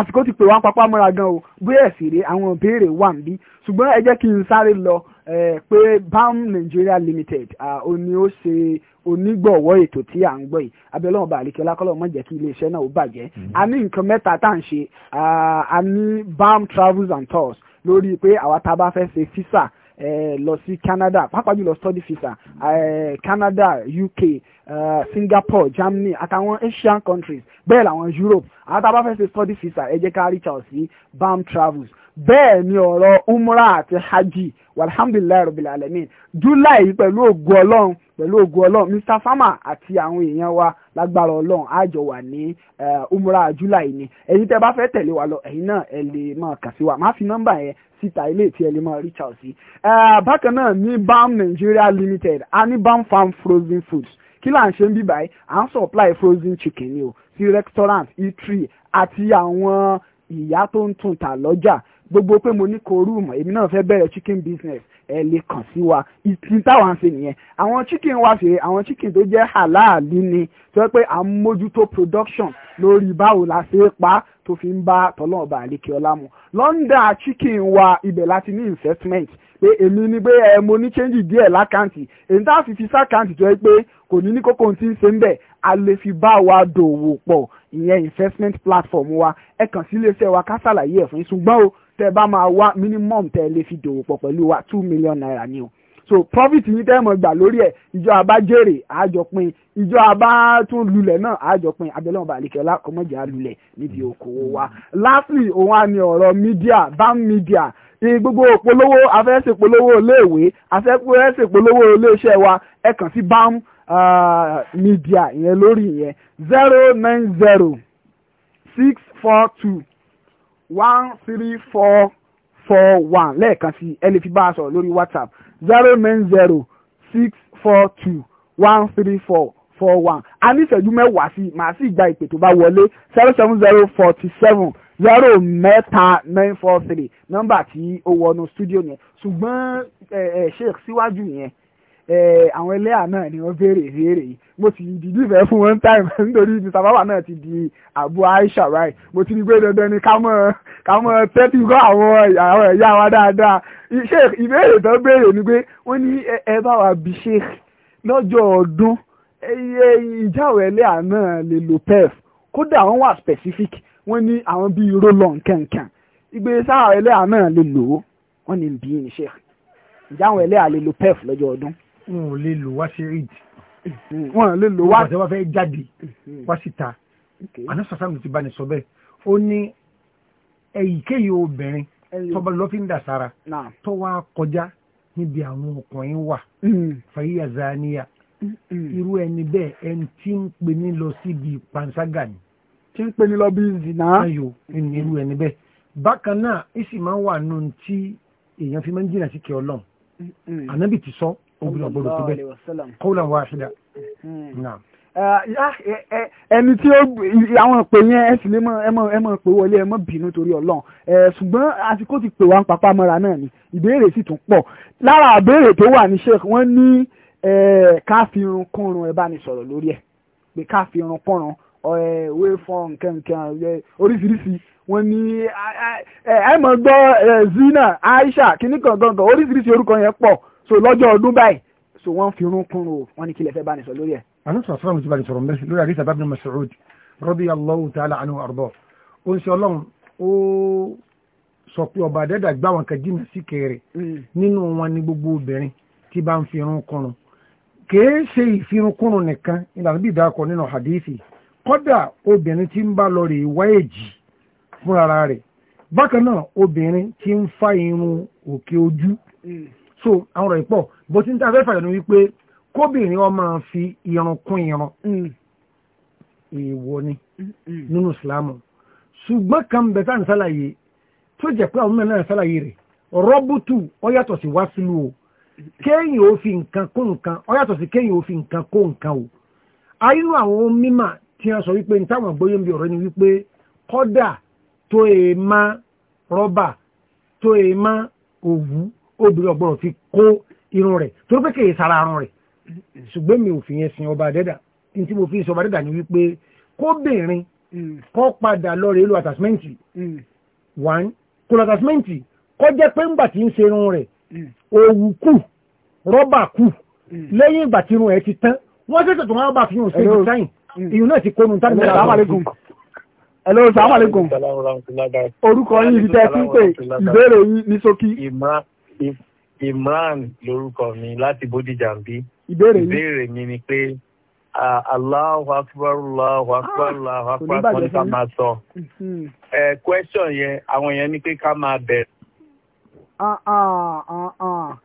àsìkò ti pè wá pápá mọ́ra gan o bóyá ẹ̀sìn rè àwọn ìbéèrè wà ń bí ṣùgbọ́n ẹ jẹ́ kí n sáré lọ pé BAM Nigeria Limited òní ó ṣe onígbọ̀wọ́ ètò tí à ń gbọ́ yìí abẹ́lẹ́wọ̀n bá àlekẹ́ lákọ́lọ́ mọ̀ jẹ́ kí iléeṣẹ́ náà ó bàjẹ́ mm-hmm. a ní nǹkan mẹ́ta tá à ń ṣe a ní BAM travels and tours lórí pé àwa tá a bá fẹ́ ṣe físà lọ sí Canada pàápàá jùlọ study visa Canada UK Singapore Germany àtàwọn Asian countries bẹ́ẹ̀ làwọn Europe àwọn tá a bá fẹ́ ṣe study visa ẹ jẹ́ ká reach out sí BAM Travels bẹ́ẹ̀ ni ọ̀rọ̀ umra àti hajj walhamdulilayi rabbil alamin july pẹ̀lú ògùn ọlọ́run pẹ̀lú ògùn ọlọ́run mr farmer àti àwọn èèyàn wa lágbára ọlọ́run àjọ wà ní umra july ni ẹ̀yin tẹ́ bá fẹ́ tẹ̀lé wa lọ ẹ̀yin náà ẹ lè máa kà sí wa má fi nọ́mbà yẹn síta ilé tí ẹ lè máa reach sí. bákan náà ní bam nigeria limited a ní bam farm frozen foods kí là ń ṣe ń bí báyìí à ń supply frozen chicken ni o sí restaurant eatery àti àwọn ìyá tó ń tún ta lọ́jà gbogbo pé mo ní kòrúùmù èmi náà fẹ́ bẹ̀rẹ̀ chicken business ẹ lè kàn sí wa ìtì táwọn ń ṣe nìyẹn àwọn chicken wa ṣe àwọn chicken tó jẹ́ halali ni tó yẹ pé à ń mójútó production lórí báwo la ṣe é pa tó fi ń bá tọ́lọ́ọ̀bà àlékè ọlá mu London chicken wa ibẹ̀ láti ní investment pé èmi ni pé ẹ mo ní change díẹ̀ lákàǹtì èyí tá a fi fi sákàǹtì tó yẹ pé kò ní ní kókó tí ń ṣe ń bẹ̀ a lè fi bá wa dòwò pọ̀ ìyẹn investment platform wa ẹ kàn sí iléeṣẹ́ wa ká ṣàlàyé ẹ̀ fún yín o tẹ bá máa wá minimum tẹ lè fi dòwò pọ̀ pẹ̀lú wa two million naira ni o so profit yìí tẹ́ mọ̀ gbà lórí ẹ̀ ìjọ àbá jèrè àjọpin ìjọ àbá tún lulẹ̀ náà àjọpin abẹ́lẹ́wọ̀n balẹ̀kẹ́lá kọ́mọ́jà lulẹ̀ níbi òkòwò wa lastly òun á ní ọ̀rọ̀ media bam media gbogbo òpolówó afẹ́sèpolówó iléèwé afẹ́sèpolówó iléeṣẹ́ wa ẹ kàn sí bam media ìyẹn lórí ìyẹn zero nine zero six four two one three four four one lẹ́ẹ̀kan sí ẹ lè fi bá a sọ̀rọ̀ lórí whatsapp zero nine zero six four two one three four four one a ní ìṣẹ́jú mẹ́wàá sí màá sì gba ìpè tó bá wọlé zero seven zero forty seven zero mẹ́ta nine four three nọ́mbà tí ó wọnú studio yẹn ṣùgbọ́n ẹ̀ ẹ̀ ṣe síwájú yẹn àwọn ẹlẹ́yà náà ni wọ́n béèrè ìbéèrè yìí mo sì dìdí ìfẹ́ fún one time nítorí mr baba náà ti di àbú aisha right mo ti rí pé dandan ni ká mọ ká mọ tẹ́tí gbọ́ àwọn àwọn ẹ̀yà wa dáadáa ṣé ìbéèrè tó béèrè ni pé wọ́n ní ẹ bá wa bí ṣe lọ́jọ́ ọdún ìjà àwọn ẹlẹ́yà náà lè lo pef kódà wọ́n wà specific wọ́n ní àwọn bíi roll-on kankan ìgbésí àwọn ẹlẹ́yà náà lè lò ó wọ́n ní bí ní ṣe ìjà àwọn ẹlẹ́yà pef lọ́jọ́ ọdún wọn ò lè lò wá sí eid hmm. wọn lè lò wá àti wọn fẹ́ jáde hmm. wá síta anasa sáà ti bá ní sọ bẹ́ẹ̀ ó ní èyíkéyìí obìnrin tọba lọ́fíńdà sára tó wá kọjá níbi àwọn ọkùnrin wà hmm. fàyíyà zaniya irú ẹni bẹ́ẹ̀ ẹni tí ń pè ní lọ síbi panṣágà ni. tí ń pè ní lọ bí zina. ayo irú ẹni bẹ́ẹ̀ bákan náà ìsì máa ń wà nù tí èèyàn fi máa ń jìnnà sí kẹ́ ànábì ti sọ ogun ọgbọdọ tó bẹ kọlà wàhídà. ẹni tí àwọn ìpè yẹn ẹ sì lè mọ ẹ mọ ẹ mọ pé wọlé ẹ mọ bínú torí Ọlọ́run eh, ṣùgbọ́n àsìkò ti pè wá ń papá mọ́ra náà ni ìbéèrè sì tún pọ̀ lára àbéèrè tó wà ní sheikh wọ́n ní eh, ká fi irun kúnrun ẹ bá ní sọ̀rọ̀ lórí ẹ̀ pé ká fi irun kúnrun ọ̀ẹ́ ìwé fọ́n nkẹ́nkẹ́ oríṣiríṣi wọ́n ní eh, ẹ mọ̀ gbọ́ zina Aisha kìnnìkan gangan oríṣiríṣi orúkọ yẹn pọ̀ so lọ́jọ́ ọdún báyìí so wọ́n fi irun kún o wọ́n ní kí lè fẹ́ bá ní sọ lórí ẹ̀. àná sọ fúnra mi ti bá ní sọ̀rọ̀ mẹ́sì lórí àdìsá bábí Mas'ud radiyallahu ta'ala anu àrùbọ̀ ó ń ṣe ọlọ́run ó sọ pé ọba àdẹ́dà gbá wọn kan jìnnà sí kẹrẹ mm. nínú wọn ní gbogbo obìnrin tí bá ń fi irun kún kìí ṣe ìfirunkúrun nìkan ìlànà bí ìdákọ nínú hadithi kódà obìnrin tí ń bá lọ rè wá èjì fúnra rẹ̀ bákan náà obìnrin tí ń fa irun òkè ojú mm so àwọn ọ̀rọ̀ ìpọ̀ bó ti ń ta afẹ́fà yọnu wípé kóbìnrin ọmọ fi irun kún irun mm. èèwọ̀ ni mm, mm. nínú ìsìlámù ṣùgbọ́n kan bẹ̀ tá à ń ṣàlàyé tó jẹ́ pé àwọn mẹ́rin ṣàlàyé rẹ̀ rọ́bùtù ó yàtọ̀ sí wásílù o kéèyàn ò fi nǹkan kó nǹkan ó yàtọ̀ sí kéèyàn ò fi nǹkan kó nǹkan o àyínú àwọn mímà tí wọ́n sọ wípé ní táwọn àgbóyè ń bi ọ̀rọ̀ ni wípé kọ́dà tó èèmá e rọ́bà tó èèmá e òwú obìnrin ọ̀gbọ́n fi kó irun rẹ̀ tó pé kèé sara arun rẹ̀ ṣùgbọ́n mi ò fi yẹn sin ọba àdẹ́dà ní mo fi sọ ọba àdẹ́dà ni wípé kóbìnrin kọ́ padà lọ rẹ̀ lu àtàsímẹ́ǹtì one kò lọ àtàsímẹ́ǹtì kọ́ jẹ́ pé ńgbà tí ń ṣe irun rẹ̀ òwú kù rọ́bà kù lẹ́yìn ìgbà tí irun ẹ̀ ti tán wọ́n ṣẹ̀ṣẹ̀ tó wọ́n bá fi hàn sí ìlú sáyìn mm. ìyún náà ti kónú tàbí Hello, assalamu alaikum. Orúkọ yìí ti tẹ́ sí pé ìbéèrè yìí ní ṣókí. Ìmọ̀ Imran lórúkọ mi láti Bódìjà ń bí. Ìbéèrè yìí. Ìbéèrè mi ni pé Allahu Akbar Allahu Akbar ah, Allahu Akbar kan ní ká máa sọ. Mm-hmm. Ẹ question yẹn àwọn yẹn ni pé ká máa bẹ̀rẹ̀. Ah, ah,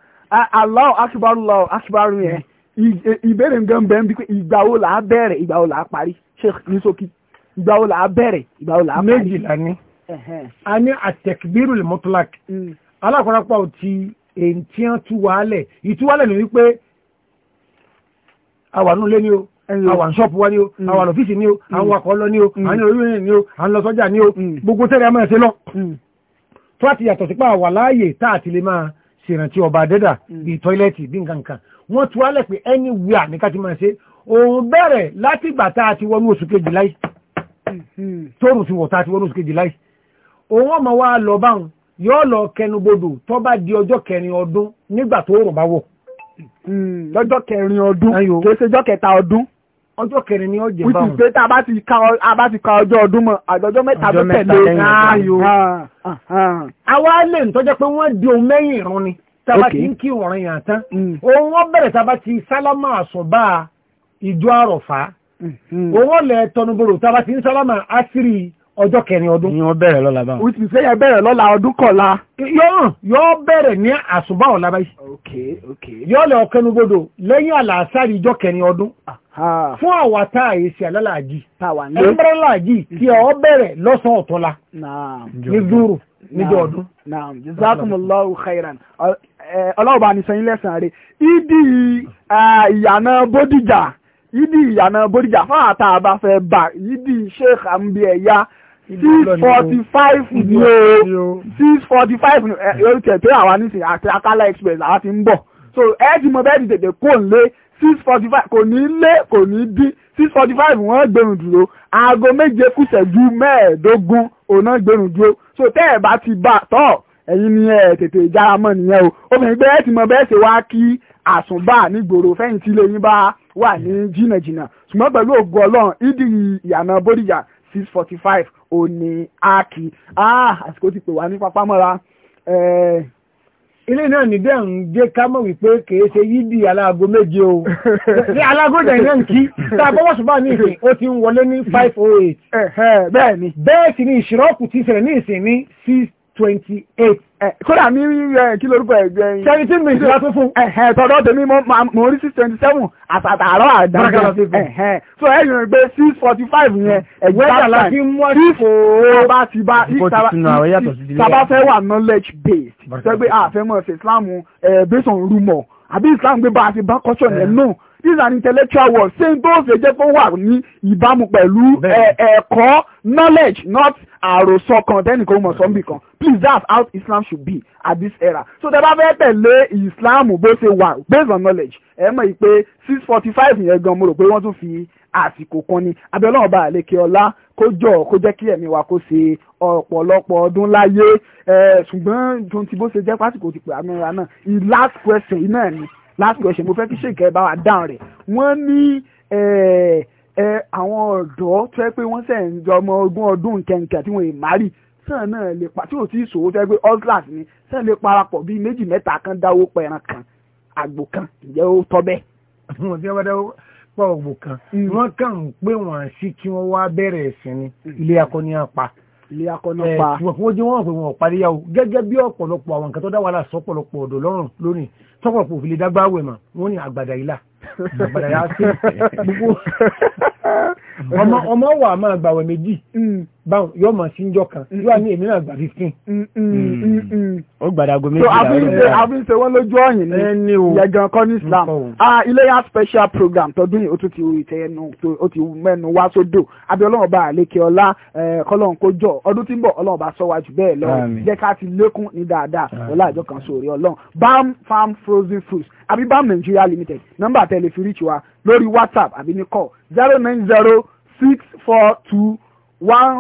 Allahu Akbar Allahu Akbar yẹn mm. eh, ìbéèrè nǹkan bẹ́ẹ̀ bí pé ìgbà wo là bẹ̀rẹ̀ ìgbà wo là parí Sheikh ní ṣókí ìgbà wo là bẹ̀rẹ̀ ìgbà wo là parí. Méjìlá ni a ní àtẹ̀kbírù mutlak. Mm alákọ̀ọ́rápá ò ti èyí tí wọ́n tú wàálẹ̀ ìtúwálẹ̀ ni wípé àwànú lé ní o àwọn ṣọ́ọ̀pù wa ni o mm. àwọn ọ̀fíìsì ni o àwọn mm. akọ̀ lọ ni o mm. àwọn orílẹ̀ ni o àwọn lọ sọ́jà ni o gbogbo tẹ́lẹ̀ a máa ṣe lọ. tó àti yàtọ̀ sípà wà láàyè tá àti lè máa ṣèrántí ọba àdẹ́dà bíi tọ́ílẹ̀tì bíi nǹkan kan wọ́n tu alẹ́ pé ẹni wíà ní ká ti máa ṣe òun bẹ̀rẹ̀ láti ìgbà tá a ti wọnú oṣù kejì láì mm-hmm. tóòrùn ti wọ̀ tá a ti wọnú oṣù kejì láì òun ọmọ wa lọ báwọn yóò lọ kẹnubodò tó bá di ọjọ́ kẹrin ọdún nígbà tó rùn bá wọ̀. Hmm. kẹrin ọdún kò ṣe kẹta ọdún. ọjọ́ kẹrin ni ọ báwọn. wíṣí tá a bá ti ka ọjọ́ ọdún mọ́ àjọjọ́ mẹ́ta tó tẹ̀lé ayò. àwa lè ń tọ́jọ́ pé wọ́n di ohun mẹ́yìn ìrún ni tá a bá ti ń kí yàn tán. òun hmm. wọ́n bẹ̀rẹ̀ tá a bá ti sálámà ìjọ òun ọjọ́ kẹrin ọdún. ni wọ́n bẹ̀rẹ̀ lọ́la báwọn. o ti sẹ́yà bẹ̀rẹ̀ lọ́la ọdún kọ̀la. yóò yóò bẹ̀rẹ̀ ní àsùbá ọ̀la báyìí. ok ok. yóò lọ lẹ́yìn àlàásárì ìjọ kẹrin ọdún. fún àwa tá a yèsì alálàájì. táwa ní. ẹnbẹ́rẹ́ làájì kí ọ bẹ̀rẹ̀ lọ́sàn ọ̀tọ́la. naam jazakumullahu khairan ní sẹ́yìn lẹ́sàn-án six forty five ni o six forty five ni o tẹ̀ pé àwa nísìnyí àti Akala Express àwa ti ń bọ̀ so ẹ́ẹ̀dì mo bẹ́ẹ̀ di tètè kò ń lé six forty five kò ní lé kò ní dín six forty five wọ́n gbẹ̀rùn dúró aago méje kù ìṣẹ́jú mẹ́ẹ̀ẹ́dógún òun náà gbẹ̀rùn dúró so tẹ́ ẹ̀ bá ti bá tọ́ ẹ̀yin ni ẹ̀ tètè jára mọ́ nìyẹn o obìnrin gbé ẹ̀ tí mo bẹ́ẹ̀ ṣe wá kí àsùnbà nígboro fẹ́yìntì lẹ́yìn bá wà ní jìnnàjìnnà ṣùgbọ́n pẹ̀lú ògo ọlọ́run ìdí ìyànà bódìjà six forty five òní áàkì ah, àsìkò ti pè wá ní papámọ́ra eh, ilé náà nígbà ń jẹ́ ká mọ̀ wípé kìí ṣe yídì aláago méje o ní alágójà iná ń kí tá a bọ́wọ́ ṣùgbọ́n ní ìsìn ó ti ń wọlé ní five oh eight eh, eh, bẹ́ẹ̀ ni bẹ́ẹ̀ sì ni ìṣirọ́kù ti ṣẹlẹ̀ ní ìsìn ní six twenty eight. kódà mi rí kí lorúkọ ẹ jẹ. seventeen minutes lásán fún. tọ́dọ̀ tèmi mo rí six twenty seven àtàtàrọ̀ àdájọ́. so ẹ̀yìn gbé six forty five yẹn ẹ̀yìn bá tà if bá ti bá tàbá fẹ́ knowledge based sẹ́gbẹ́ àfẹ́mọ̀ ṣe Islam based on rumour àbí Islam gbé bá a ṣe bá culture yẹn náà this is an intellectual world ṣé n tó ṣe jẹ́ kó wà ní ìbámu pẹ̀lú ẹ̀kọ́ knowledge not àròsọ kan tẹ́nìkan mọ̀ sọ́nbì kan please that's how Islam should be at this era so tẹ bá fẹ́ tẹ̀lé Islam bó ṣe wà based on knowledge ẹ mọ̀ yìí pé six forty five yẹn gan mo rò pé wọ́n tún fi àsìkò kan ni abẹ́lẹ́ ọba àlekè ọlá kó jọ kó jẹ́ kí ẹ̀mí wa kó ṣe ọ̀pọ̀lọpọ̀ ọdún láyé ṣùgbọ́n tó ti bó ṣe jẹ́ pásìkò ti pè àmúra náà the last question iná ni last question mo fẹ́ kí ṣèkẹ́ ẹ bá wa dáhùn rẹ̀ wọ́n ní àwọn ọ̀dọ́ tó yẹ pé wọ́n ṣẹ̀ ń jọ ọmọ ogún ọdún kẹ̀ǹkẹ̀ tí wọ́n ì márì sàn náà lè pa tí ò tí ì ṣòwò fẹ́ pé oslas ni sàn lè parapọ̀ bíi méjì mẹ́ta kan dáwó pẹran kan àgbò kan ǹjẹ́ ó tọ́ bẹ́ẹ̀. àwọn tí wọ́n bá dáwọ́ pa ọ̀gbò kan hmm. wọ́n kàn ń pé wọ́n sí kí wọ́n wá bẹ̀rẹ̀ ẹ̀sìn ni hmm. ilé akọni apá ilé akọni apá eh, wọ́n jẹ́ wọ́n pè wọ́n paríyàwó gẹ́gẹ́ bí ọ̀pọ̀lọpọ̀ àwọn nǹkan tó dá wàhálà sọ́pọ̀lọpọ̀ ọmọ wà máa gbàwẹ̀ méjì báwọn yóò máa sí njọ́ kan yóò ní èmi náà gbà fifteen. ó gbàdàgbọ́ méjì àwọn ọmọ àbí ń ṣe wọ́n lójú ọ̀yìn ní yẹ̀gàn kan ní Islam ah, iléyà special program tọdún yìí ó tún ti ìtẹ́ ẹnu ó ti mẹ́nu wá sódò àbí ọlọ́run bá àlékè ọlá kọ́lọ́run kó jọ ọdún tí ń bọ̀ ọlọ́run bá sọ wá jù bẹ́ẹ̀ lọ jẹ́ ká ti lékún ní dáadáa ọlá àjọ kan sórí ọlọ́run bam farm frozen fruits abibam nigeria limited nọ́mbà tẹlẹ fi reach wa lórí whatsapp àbí ní call zero nine zero six four two one